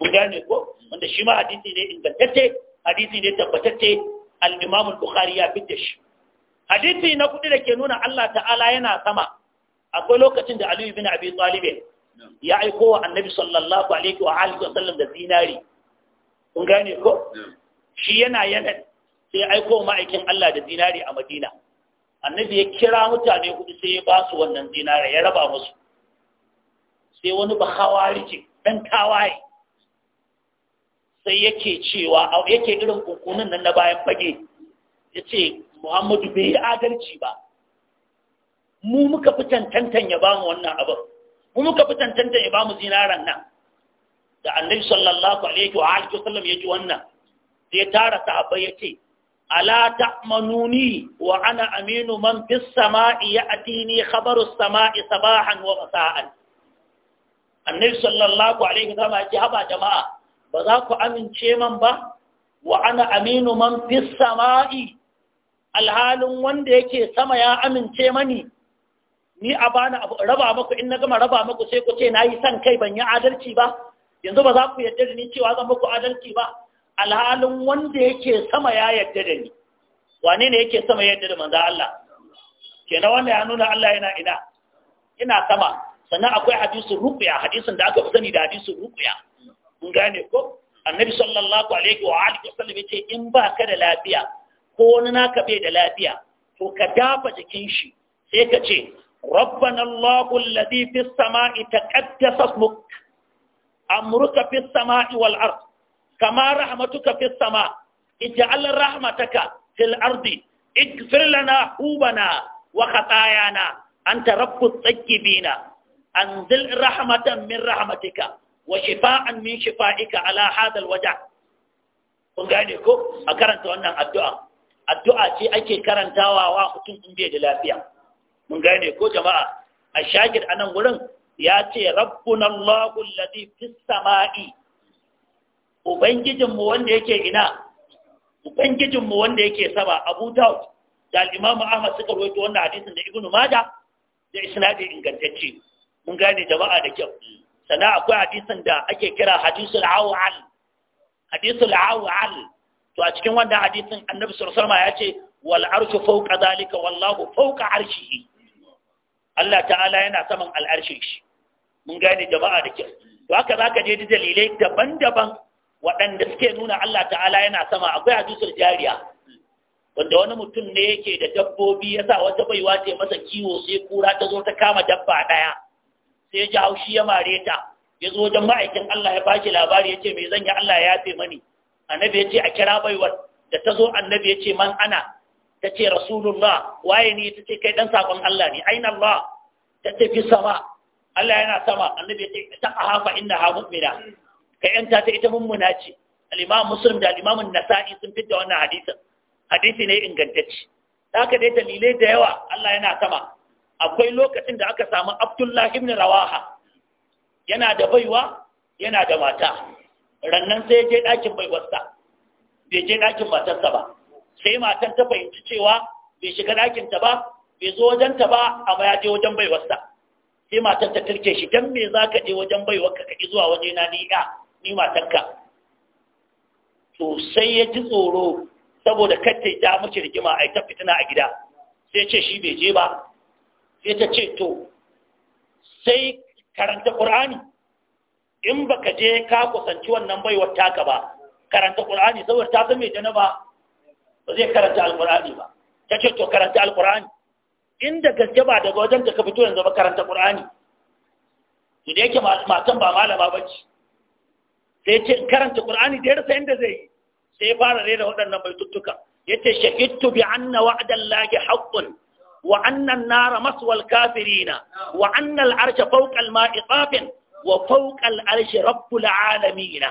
mun gane ko wanda shi ma hadisi ne ingantacce hadisi ne tabbatacce al-Imam al-Bukhari ya fitta shi hadisi na kudi da ke nuna Allah ta'ala yana sama akwai lokacin da Aliyu bin Abi Talib ya aiko wa annabi sallallahu alaihi wa alihi wasallam da zinari kun gane ko shi yana yana sai aiko ma'aikin Allah da zinari a Madina annabi ya kira mutane hudu sai ya ba su wannan zinari ya raba musu sai wani bahawari ce dan tawaye sai yake cewa yake irin kunkunin nan na bayan fage ya ce Muhammadu bai yi adalci ba mu muka fi tantantan ya ba mu wannan abin mu muka fi tantanta ya ba mu zinaran nan da annabi sallallahu alaihi wa alihi wasallam ya ji wannan sai tara sahabbai yace ala ta'manuni wa ana aminu man fis sama'i ya'tini khabaru samai sabahan wa masa'an annabi sallallahu alaihi wa sallam ya ce haba jama'a ba za ku amince man ba wa ana aminu man fis sama'i alhalin wanda yake sama ya amince mani ni a bani raba maku in na gama raba maku sai ku ce na yi son kai ban yi adalci ba yanzu ba za ku yadda da ni cewa zan muku adalci ba alhalin wanda yake sama ya yadda da ni wane ne yake sama ya yadda da manzo Allah Ke na wanda ya nuna Allah yana ina ina sama sannan akwai hadisin ruqya hadisin da aka sani da hadisin ruqya mun gane ko annabi sallallahu alaihi wa alihi wasallam yace in ba ka da lafiya ko wani naka bai da lafiya to ka dafa jikin shi sai ka ce ربنا الله الذي في السماء تقدس اسمك أمرك في السماء والأرض كما رحمتك في السماء اجعل رحمتك في الأرض اغفر لنا حوبنا وخطايانا أنت رب الطيبين أنزل رحمة من رحمتك وشفاء من شفائك على هذا الوجع kun gane ko a karanta wannan addu'a addu'a ce ake karantawa wa mutum in bai da lafiya mun gane ko jama'a a shagir a nan wurin ya ce rabbun allahu ladi fi sama'i ubangijinmu wanda yake ina ubangijinmu wanda yake sama abu daud da imamu ahmad suka rawaito wannan hadisin da ibnu majah da isnadi ingantacce mun gane jama'a da kyau sana akwai hadisin da ake kira hadisul awal hadisul awal to a cikin wannan hadisin annabi sallallahu alaihi wasallam ya ce wal arshu fawqa zalika wallahu fawqa arshihi Allah ta'ala yana saman al'arshin shi mun gane jama'a da kyau to haka zaka je dalilai daban-daban waɗanda suke nuna Allah ta'ala yana sama akwai hadisul jariya wanda wani mutum ne yake da dabbobi ya sa wata baiwa ce masa kiwo sai kura ta zo ta kama dabba ɗaya sai ji haushi ya mare ta ya zo wajen ma'aikin Allah ya bashi labari ya ce me zan yi Allah ya yafe mani annabi ya ce a kira baiwar da ta zo annabi ya ce man ana ta ce rasulullah waye ne ta ce kai dan sakon Allah ne aina Allah ta ce fi sama Allah yana sama annabi ya ce ta ahafa ha mu'mina kai yanta ta ita mummuna ce al-imam muslim da al-imam an-nasa'i sun fitta wannan hadisin hadisi ne ingantacce haka dai dalilai da yawa Allah yana sama akwai lokacin da aka samu Abdullahi ibn Rawaha yana da baiwa yana da mata rannan sai ya je ɗakin baiwarsa bai je ɗakin matarsa ba sai matan ta fahimci cewa bai shiga ɗakinta ba bai zo wajenta ba amma ya je wajen bai wasa. sai matan ta turke shi dan me za ka je wajen wanka ka zuwa wajena ni ya ni ka to sai ya ji tsoro saboda kacce ta miki rigima a ta fitina a gida sai ce shi bai je ba sai ta ce to sai karanta ƙur'ani in baka je ka kusanci wannan baiwar taka ba karanta ƙur'ani saboda ta zama mai janaba ba zai karanta alkur'ani ba ta ce to karanta alkur'ani inda gaske ba daga wajen ka fito yanzu ba karanta qur'ani to da yake matan ba malama ba ce sai ce karanta Ƙur'ani da yarsa inda zai yi sai fara rera waɗannan baituttuka yace shahidtu bi anna wa'dallahi haqqun wa anna an-nara maswal kafirina wa anna al-arsha fawqa al-ma'i qafin wa fawqa al-arshi rabbul alamin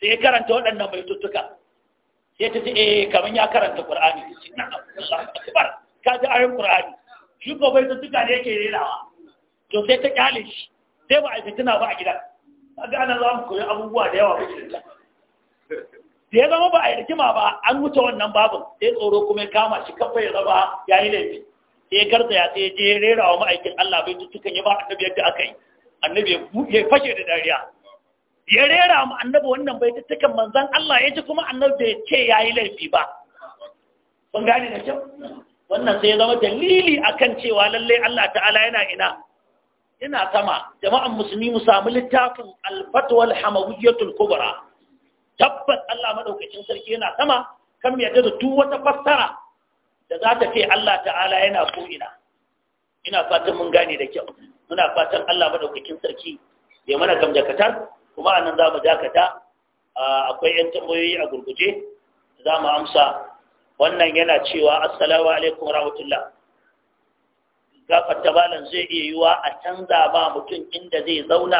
sai karanta waɗannan baituttuka sai ta ce eh kamar ya karanta qur'ani ta ce na'am Allahu akbar ka ji ayoyin qur'ani shi ko bai ta tuka ne yake rerawa to sai ta kyale shi sai ba a fitina ba a gida kaga ana za mu koyi abubuwa da yawa bakin da da ya zama ba a yi rikima ba an wuce wannan babin sai tsoro kuma ya kama shi kafa ya raba ya yi laifi sai ya garza ya sai je rerawa wa ma'aikin Allah bai tuttukan ne ba annabi yadda aka yi annabi ya fashe da dariya ya rera mu annabi wannan bai tattakan manzan Allah ya ji kuma annabi bai ce ya yi laifi ba Ban gane da kyau wannan sai ya zama dalili akan cewa lallai Allah ta'ala yana ina yana sama jama'an musulmi mu samu littafin al-fatwa al-hamawiyyatul kubra tabbas Allah madaukakin sarki yana sama kan mu yadda da duk wata fassara da za ta ce Allah ta'ala yana ko ina ina fatan mun gane da kyau muna fatan Allah madaukakin sarki ya mana gamjakatar kuma a nan za mu dakata akwai 'yan tambayoyi a gurguje za mu amsa wannan yana cewa assalamu alaikum rahmatullah gafarta malam zai iya yiwa a canza ba mutum inda zai zauna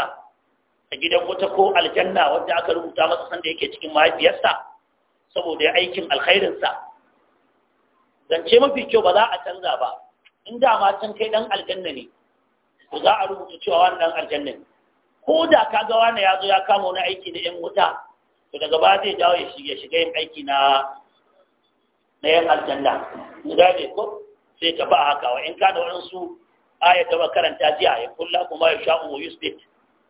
a gidan wata ko aljanna wanda aka rubuta masa sanda yake cikin mahaifiyarsa saboda ya aikin alkhairinsa zance mafi kyau ba za a canza ba in da ma can kai dan aljanna ne za a rubuta cewa wannan aljanna ne ko da ka ga wani ya zo ya kama wani aiki da yan wuta to daga ba zai dawo ya shiga yin aiki na na yan aljanna guda ne ko sai ka ba haka wa in ka da waɗansu aya ta ba karanta jiya ya kulla kuma ya sha'u wa yusbit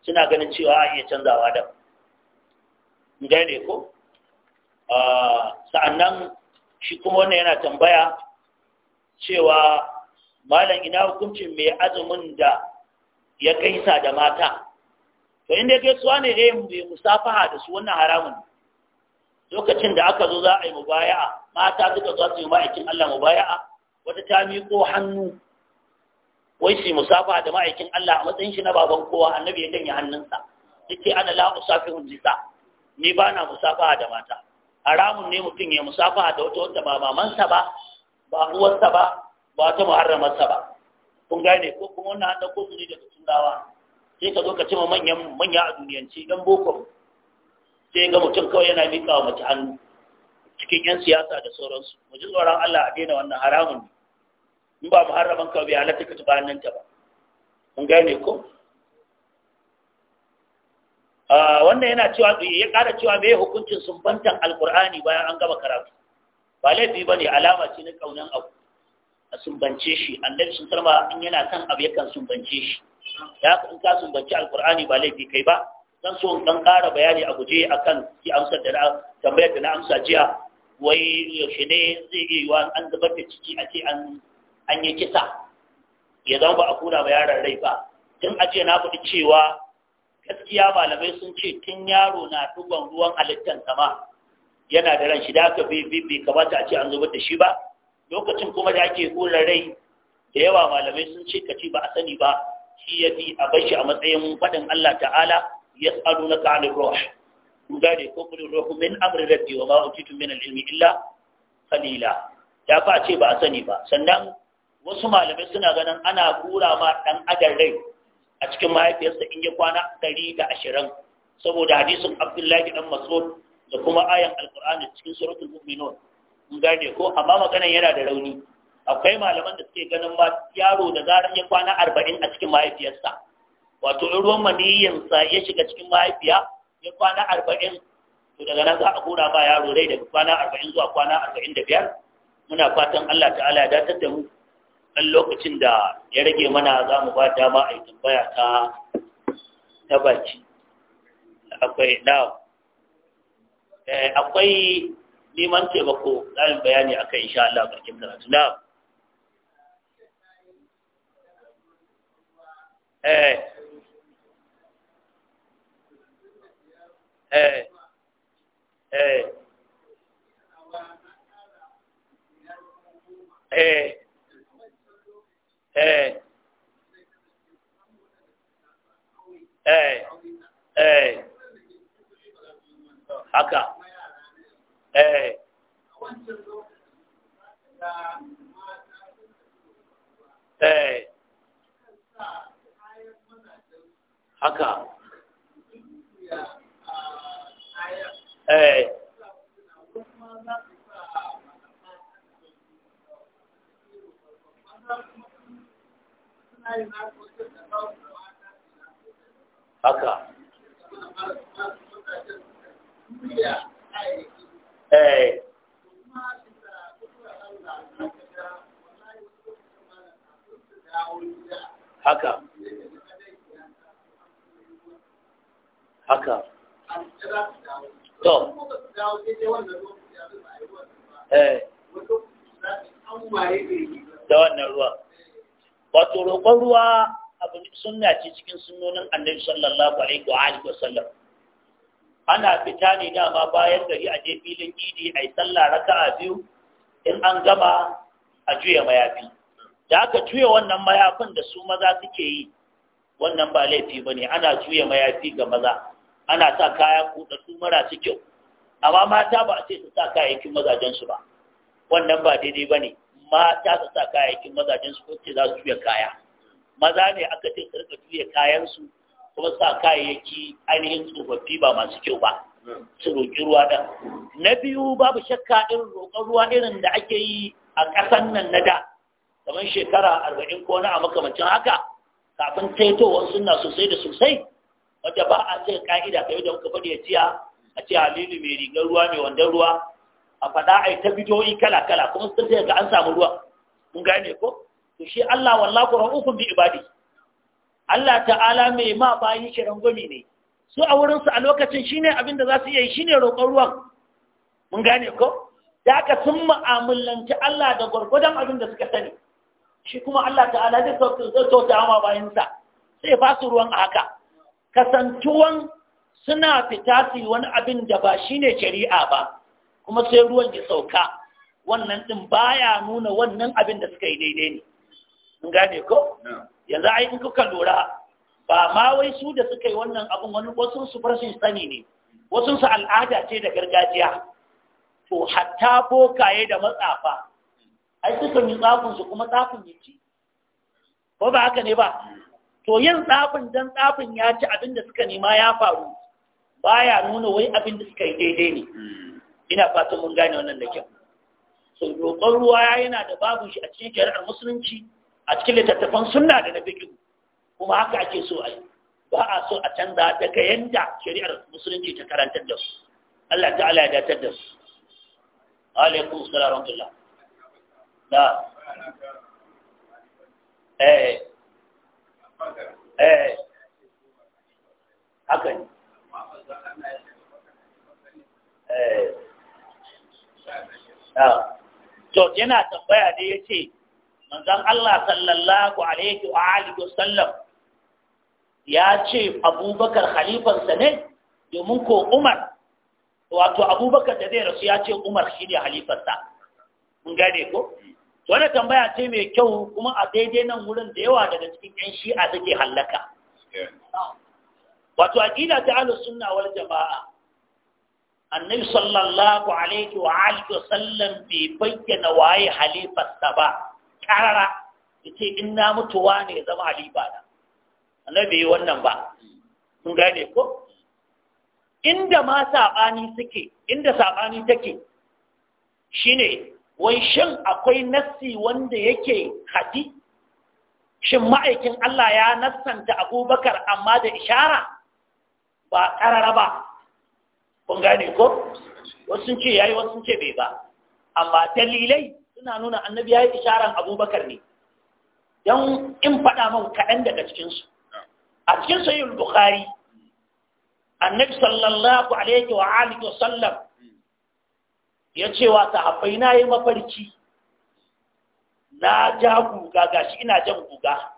suna ganin cewa a iya canzawa da guda ne ko sa'annan shi kuma wannan yana tambaya cewa malam ina hukuncin mai azumin da ya gaisa da mata to inda kai suwa ne eh musafaha da su wannan haramun lokacin da aka zo za a yi mubaya'a mata suka zo su yi ma'aikin Allah mubaya'a wata ta miƙo hannu wai su musafaha da ma'aikin Allah a matsayin shi na baban kowa annabi ya janye hannunsa yace ana la usafihun jisa ni ba na musafaha da mata haramun ne mutum ya musafaha da wata wanda ba mamansa ba ba uwarsa ba ba ta muharramarsa ba kun gane ko kuma wannan da dauko su ne daga sai ka zo ka cima manyan manya a duniyance dan boko sai ga mutum kawai yana miƙa wa mace hannu cikin yan siyasa da sauransu mu ji tsoron Allah a daina wannan haramun ne in ba muharraman ka bai halatta ka tuba hannunta ba mun gane ko wannan yana cewa ya ƙara cewa me hukuncin banta Alƙur'ani bayan an gama karatu ba laifi ba ne alama ce na ƙaunar abu a sumbance shi annabi sun tarma in yana kan abu yakan sumbance shi ya haka in ka sumbanci alkur'ani ba laifi kai ba zan so in dan ƙara bayani a guje akan ki amsar da tambayar da na amsa jiya wai yaushe ne zai iya wa an zubar da ciki a ce an an yi kisa ya zama ba a kuna ba yaran rai ba tun a na faɗi cewa gaskiya malamai sun ce tun yaro na duban ruwan halittar sama yana da ran shi da aka bi kamata a ce an zubar da shi ba lokacin kuma da ake kula rai da yawa malamai sun ce kaci ba a sani ba yadi a bashi a matsayin faɗin Allah ta'ala ya tsaro na ka'anin ruwa kun gane ko kulin ruwa min amri rabbi wa ma utitu min al-ilmi illa kalila ya fa ce ba a sani ba sannan wasu malamai suna ganin ana kura ma ɗan adar rai a cikin mahaifiyarsa in ya kwana ɗari da ashirin saboda hadisin abdullahi dan mas'ud da kuma ayan alƙur'ani cikin suratul mu'minun mun ko amma maganan yana da rauni akwai malaman da suke ganin ba yaro da zarar ya kwana arba'in a cikin mahaifiyarsa wato in ruwan maniyyinsa ya shiga cikin mahaifiya ya kwana arba'in to daga nan za a hura ba yaro dai daga kwana arba'in zuwa kwana arba'in da biyar muna fatan Allah ta'ala ya datar da mu ɗan lokacin da ya rage mana za mu ba dama a yi tambaya ta ta baki akwai na eh, akwai neman taimako tsarin bayani akan insha Allah bakin karatu na'am Eh. eh eh eh eh eh eh haka eh eh haka eh. haka eh. haka haka to eh. da wannan ruwa wato roƙon ruwa abu suna ce cikin sunonin annabi sallallahu alaihi wa alihi wasallam ana fita ne dama bayan gari a je filin idi a yi sallah raka'a biyu in an gama a juya mayafi da aka juya wannan mayafin da su maza suke yi wannan ba laifi ba ana juya mayafi ga maza ana sa kaya mara su kyau amma mata ba a ce su sa kayayyakin mazajensu ba wannan ba daidai ba ne mata su sa kayayyakin mazajensu ko ce za su juya kaya maza ne aka ce su rika juya kayansu kuma sa kayayyaki ainihin tsofaffi ba masu kyau ba su roƙi ruwa da na biyu babu shakka irin roƙon ruwa irin da ake yi a ƙasan nan na da kamar shekara arba'in ko na a makamancin haka kafin taitowar suna sosai da sosai wanda ba a cika ka'ida kai da muka faɗi ya ciya a ce halilu mai rigar ruwa mai wandon ruwa a faɗa a yi ta bidiyoyi kala kala kuma sun sai ga an samu ruwa mun gane ko to shi Allah wallahu ra'ufun bi ibadi Allah ta'ala mai ma bayi shi gumi ne su a wurin su a lokacin shine abin da za su iya yi shine roƙon ruwan mun gane ko da aka sun mu'amalanci Allah da gwargwadon abin da suka sani shi kuma Allah ta'ala zai sauta ma bayinsa sai ba su ruwan a haka kasantuwan suna fita su wani abin da ba shine shari'a ba kuma sai ruwan ya sauka wannan ba baya nuna wannan abin da suka yi daidai ne in gane ko yanzu ai in kuka lura ba ma wai su da suka yi wannan abin wani wasu su farshin sani ne wasu su al'ada ce da gargajiya to hatta bokaye da matsafa ai suka yi tsafin su kuma tsafin yi ci ko ba haka ne ba to yin tsafin don tsafin ya ci abin da suka nema ya faru baya nuna wai abin da suka yi daidai ne hmm. ina fatan mun gane wannan da kyau so roƙon ruwa yana da babu shi a cikin shari'ar musulunci a cikin littattafan sunna da na fiqh kuma haka ake so a yi ba a so a canza daga yanda shari'ar musulunci ta karantar da su Allah ta'ala ya datar da su alaikum salam wa rahmatullah da eh eh haka ne eh ah. to yana tambaya da yace manzon Allah sallallahu alaihi wa alihi wasallam ya ce Abubakar khalifansa ne domin ko Umar wato Abubakar da zai rasu ya ce Umar shi shine khalifansa mun gane ko Wani tambaya ce mai kyau kuma a daidai nan wurin da yawa daga cikin yan shi'a suke hallaka wato aqida ta ahlus sunna wal jamaa annabi sallallahu alaihi wa alihi wa sallam bai bayyana waye halifarsa ba karara yace in na mutuwa ne zama halifa na annabi yi wannan ba kun gane ko inda ma sabani suke inda sabani take shine wai shin akwai nassi wanda yake haɗi shin ma'aikin Allah ya nassanta abubakar amma da ishara ba ƙarara ba kun gane ko wasu ce ya yi wasu ce bai ba amma dalilai suna nuna annabi ya yi isharan abubakar ne don in faɗa man kaɗan daga cikinsu a cikin sayin bukhari annabi sallallahu alaihi wa sallam ya ce wa sahabbai na yi mafarki na ja guga gashi ina jan guga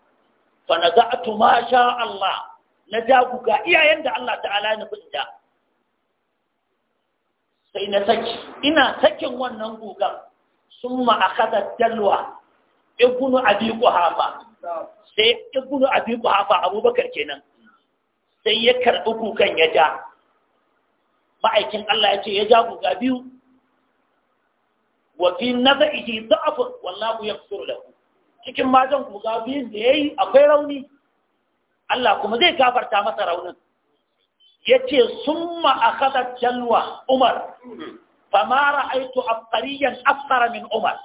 fa na za'atu ma sha Allah na ja guga iyayen da Allah ta'ala na da? sai na saki ina sakin wannan gugan sun ma'akadar dalwa ibnu biyu hafa. sai ibnu biyu hafa abubakar kenan sai ya karɓi kukan ya ja ma'aikin Allah ya ce ya ja guga biyu wa fi nazaihi da'afun wallahu yaghfiru lahu cikin matan ku ga biyun da yayi akwai rauni Allah kuma zai gafarta masa raunin yace summa akhadhat jalwa umar fama aito afqariyan afqara min umar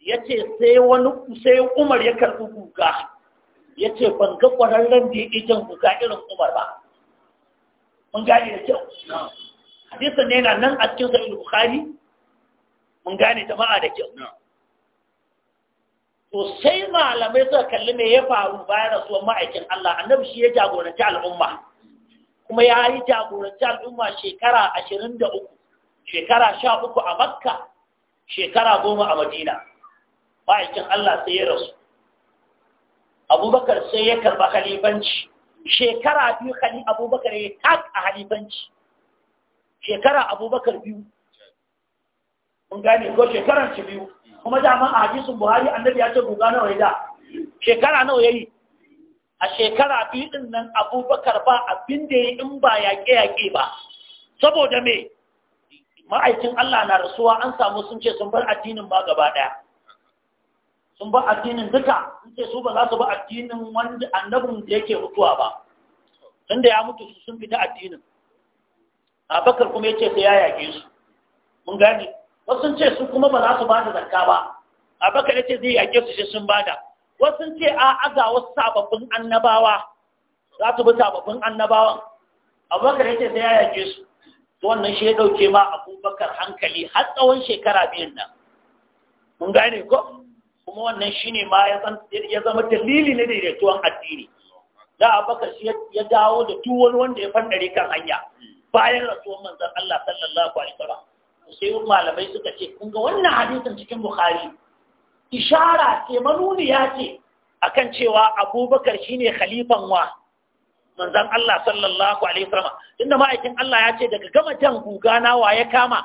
yace sai wani sai umar ya karbi kuka yace ban ga kwararren da yake jan kuka irin umar ba mun gane da kyau hadisin ne na nan a cikin sahih bukhari mun gane jama'a da kyau to sai malamai suka kalli me ya faru bayan rasuwar ma'aikin Allah annabi shi ya jagoranci al'umma kuma ya yi jagoranci al'umma shekara ashirin da uku shekara sha uku a makka shekara goma a madina ma'aikin Allah sai ya rasu abubakar sai ya karba khalifanci shekara biyu khali abubakar ya tak a khalifanci shekara abubakar biyu kun gane ko shekaran shi biyu kuma dama a hadisin buhari annabi ya ce guga nawa ya da shekara nawa ya yi a shekara biyu din nan abubakar ba abin da yayi in ba yaƙe-yaƙe ba saboda me ma'aikin Allah na rasuwa an samu sun ce sun bar addinin ba gaba ɗaya sun bar addinin duka sun ce su ba za su bar addinin wanda annabin da yake mutuwa ba tunda ya mutu su sun fita addinin abakar kuma ya ce sai ya yaƙe su mun gane wasu ce su kuma ba za su ba da zakka ba abakar ce zai yake su shi sun bada wasu ce a aga wasu sababbin annabawa za su bi sababbin annabawan abakar ce sai ya yake su to wannan shi ya dauke ma abubakar hankali har tsawon shekara biyun nan mun gane ko kuma wannan shine ma ya zama dalili na daidaituwan addini da Abubakar shi ya dawo da tuwon wanda ya fandare kan hanya bayan rasuwar manzon Allah sallallahu alaihi wasallam sai malamai suka ce kun ga wannan hadisin cikin bukhari ishara ce manuniya ce akan cewa abubakar shine khalifan wa manzon Allah sallallahu alaihi wasallam inda ma'aikin Allah ya ce daga gama jan guga na wa ya kama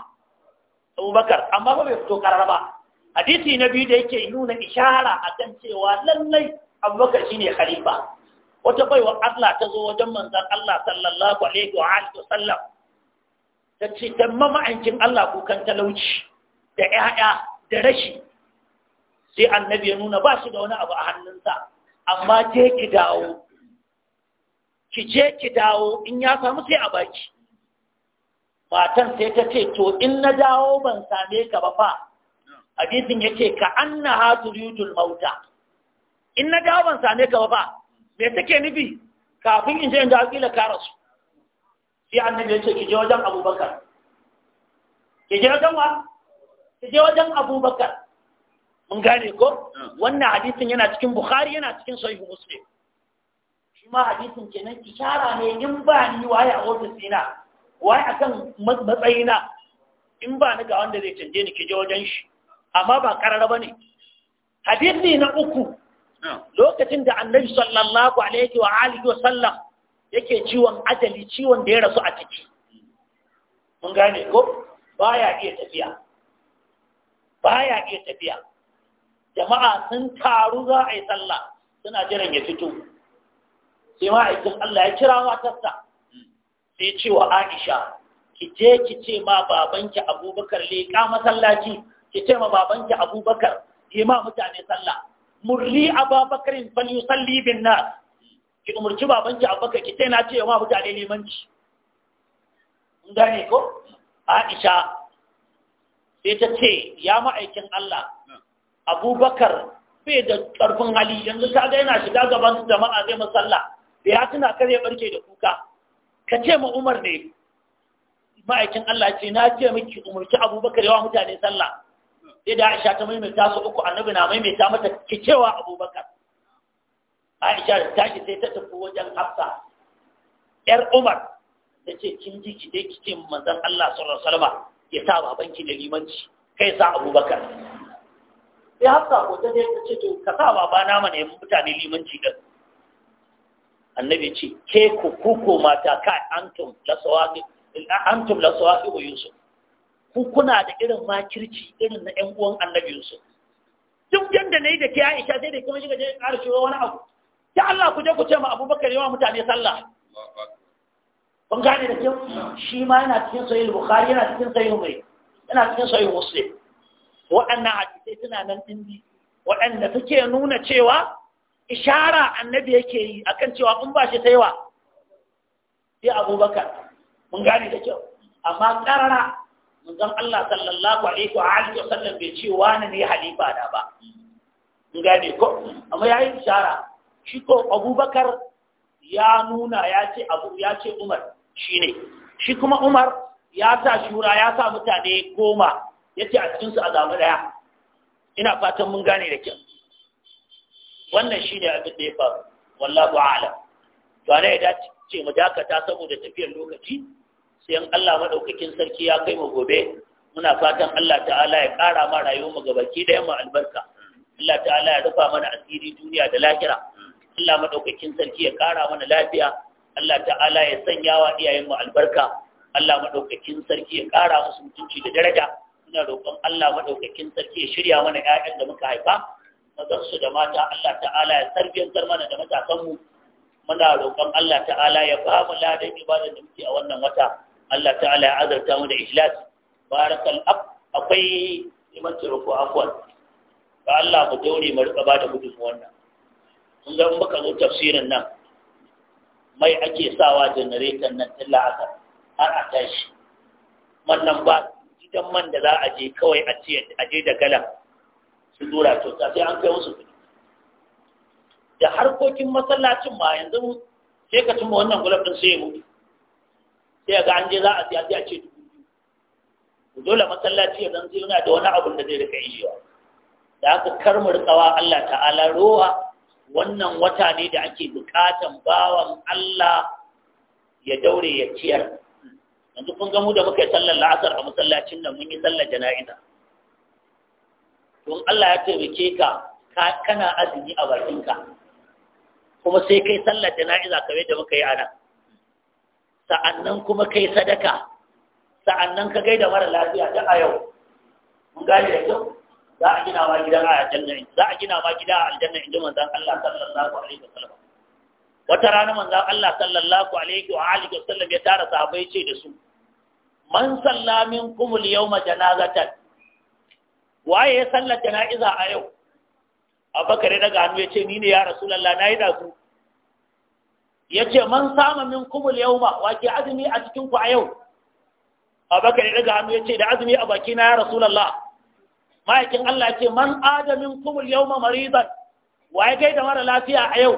abubakar amma ba bai fito karara ba hadisi na biyu da yake nuna ishara akan cewa lallai abubakar shine khalifa wata baiwa Allah ta zo wajen manzon Allah sallallahu alaihi wa wasallam ta ce dan mama'aikin Allah kukan talauci da 'ya'ya da rashi sai annabi ya nuna ba su da wani abu a hannunsa amma je ki dawo ki je ki dawo in ya samu sai a baki matan sai ta ce to in na dawo ban same ka ba fa hadisin ce ka annaha turidul mauta in na dawo ban same ka ba fa me take nufi kafin in je in dawo kila ka rasu sai annabi ya ce ki je wajen abubakar ki je wajen wa ki je wajen abubakar mun gane ko wannan hadisin yana cikin bukhari yana cikin sahihu muslim shi ma hadisin kenan ishara ne in ba ni waye a ofisina waye akan matsayina in ba ni ga wanda zai canje ni ki je wajen shi amma ba karara bane hadisi na uku lokacin da annabi sallallahu alaihi wa alihi wa sallam yake ciwon ajali ciwon da ya rasu a ciki mun gane ko baya iya tafiya baya iya tafiya jama'a sun taru za a yi sallah suna jiran ya fito sai ma'aikin Allah ya kira matarsa sai ce wa Aisha ki je ki ce ma babanki Abubakar leƙa masallaci ki ce ma babanki Abubakar yi ma mutane sallah murri Abubakarin fal yusalli bin nas ki umurci babanki abubakar ki sai na ce ma mutane limanci mun gane ko aisha sai ta ce ya ma'aikin Allah abubakar bai da ƙarfin hali yanzu ka ga yana shiga gaban jama'a zai masalla da ya tuna kare barke da kuka ka ce ma umar ne ma'aikin Allah ce na ce miki umarci abubakar ya wa mutane sallah sai da aisha ta maimaita su uku annabi na maimaita mata ki cewa abubakar aisha da tashi sai ta tafi wajen hafsa yar umar ta ce kin ji ki dai kike manzan Allah sallallahu alaihi ya sa babanki da limanci kai sa abubakar sai hafsa ko ta dai ta ce to ka sa babana mana ya mutane limanci din annabi ce ke ku kuko mata ka antum la sawaqi wa yusuf ku kuna da irin makirci irin na 'yan'uwan uwan annabi yusuf duk na yi da ke Aisha sai da kuma shiga jirgin ƙara wani abu ya Allah ku je ku ce ma abubakar yawa mutane sallah kun gane da kyau shi ma yana cikin sahih bukhari yana cikin sahih mai yana cikin sahih muslim waɗannan hadisai suna nan dindi waɗanda suke nuna cewa ishara annabi yake yi akan cewa in ba shi sai wa sai abubakar mun gane da kyau amma karara manzon Allah sallallahu alaihi wa alihi sallam bai ce wani ne halifa da ba mun gane ko amma yayi ishara shi ko abubakar ya nuna ya ce abu ya ce umar shi ne shi kuma umar ya sa shura ya sa mutane goma ya ce a cikinsu a zamu ɗaya ina fatan mun gane da kyau wannan shi ne abin da ya faru wallahu a'lam to ana ya ce mu dakata saboda tafiyar lokaci sai an Allah madaukakin sarki ya kai mu gobe muna fatan Allah ta'ala ya ƙara ma rayuwar mu gabaki da yamma albarka Allah ta'ala ya rufa mana asiri duniya da lahira Allah madaukakin sarki ya kara mana lafiya Allah ta'ala ya sanya wa iyayenmu albarka Allah madaukakin sarki ya kara musu mutunci da daraja ina roƙon Allah madaukakin sarki ya shirya mana ƴaƴan da muka haifa mazan su da mata Allah ta'ala ya sarbiyantar mana da matasan mu muna roƙon Allah ta'ala ya ba mu ladan ibadar da muke a wannan wata Allah ta'ala ya azarta mu da ikhlas barakal ab akwai liman turuku afwan ba Allah mu daure mu rika ba da gudunmu wannan kun ga muka zo tafsirin nan mai ake sawa generator nan illa aka har a tashi wannan ba gidan man da za a je kawai a je da galan su dora to sai an kai musu kuɗi da harkokin masallacin ma yanzu sai ka cimma wannan gulab din sai mu. sai ga an je za a siya sai a ce dubu dole masallaci ya zan yana da wani abun da zai rika yi da aka kar tsawa Allah ta'ala rowa wannan wata ne da ake bukatan bawan Allah ya daure ya ciyar yanzu kun gamu da muka yi sallar la'asar a masallacin nan mun yi sallar jana'iza don Allah ya taimake ka kana azumi a bakinka kuma sai kai sallar jana'iza kamar da muka yi a nan sa'annan kuma kai sadaka sa'annan ka gaida mara lafiya da a yau mun gane da kyau za a gina ma gida a aljanna za a gina ma gida a aljanna inda manzon Allah sallallahu alaihi wasallam wata rana manzon Allah sallallahu alaihi wa alihi wasallam ya tara sahabbai ce da su man salla kumul al-yawma janazatan waye ya sallar Naiza a yau abakar daga hannu ya ce ni ne ya rasulullah nayi da su ya ce man sama minkum al-yawma wake azumi a cikin ku a yau abakar daga hannu ya ce da azumi a baki na ya rasulullah ma'aikin Allah ce man adamin kumul ma maridan ya kai da mara lafiya a yau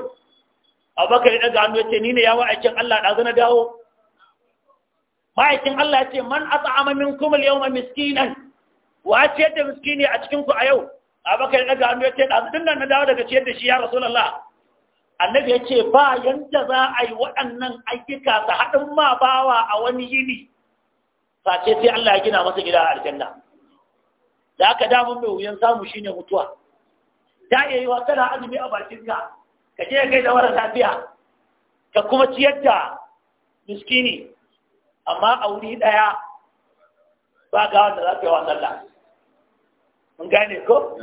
abubakar daga hannu ya ce ni ne ya ma'aikin Allah da zana dawo ma'aikin Allah ce man at'ama min kumul ma miskinan wa ce da miskini a cikin ku a yau abubakar daga hannu ya ce ɗazu zan nan na dawo daga ciyar da shi ya rasulallah. annabi ya ce ba yanda za a yi waɗannan ayyuka su haɗin ma bawa a wani yini Sace sai Allah ya gina masa gida a aljanna da aka damun mai wuyan samu shine mutuwa ta iya yi wa tana azumi a bakinka ka je kai da mara lafiya ka kuma ciyar da miskini amma a wuri ɗaya ba ga wanda za ka yi wa sallah mun gane ko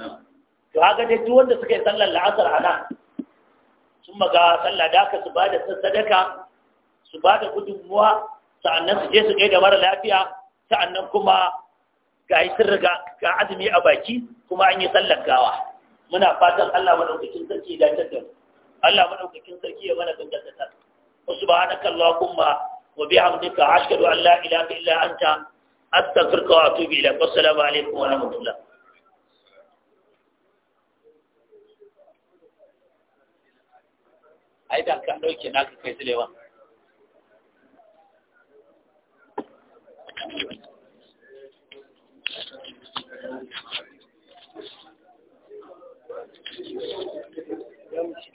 to haka dai duk wanda suka yi sallar la'asar a nan sun maga sallah da aka su ba da sassadaka su ba da gudunmuwa sa'annan su je su kai da mara lafiya sa'annan kuma ga sun riga ga azumi a baki kuma an yi sallar gawa muna fatan Allah madaukakin sarki ya dace da Allah madaukakin sarki ya mana gangar da sarki subhanaka allahumma wa bihamdika ashhadu an la ilaha illa anta astaghfiruka wa atubu ilaik wassalamu alaikum wa rahmatullah ai da ka ɗauke naka kai you. Gracias.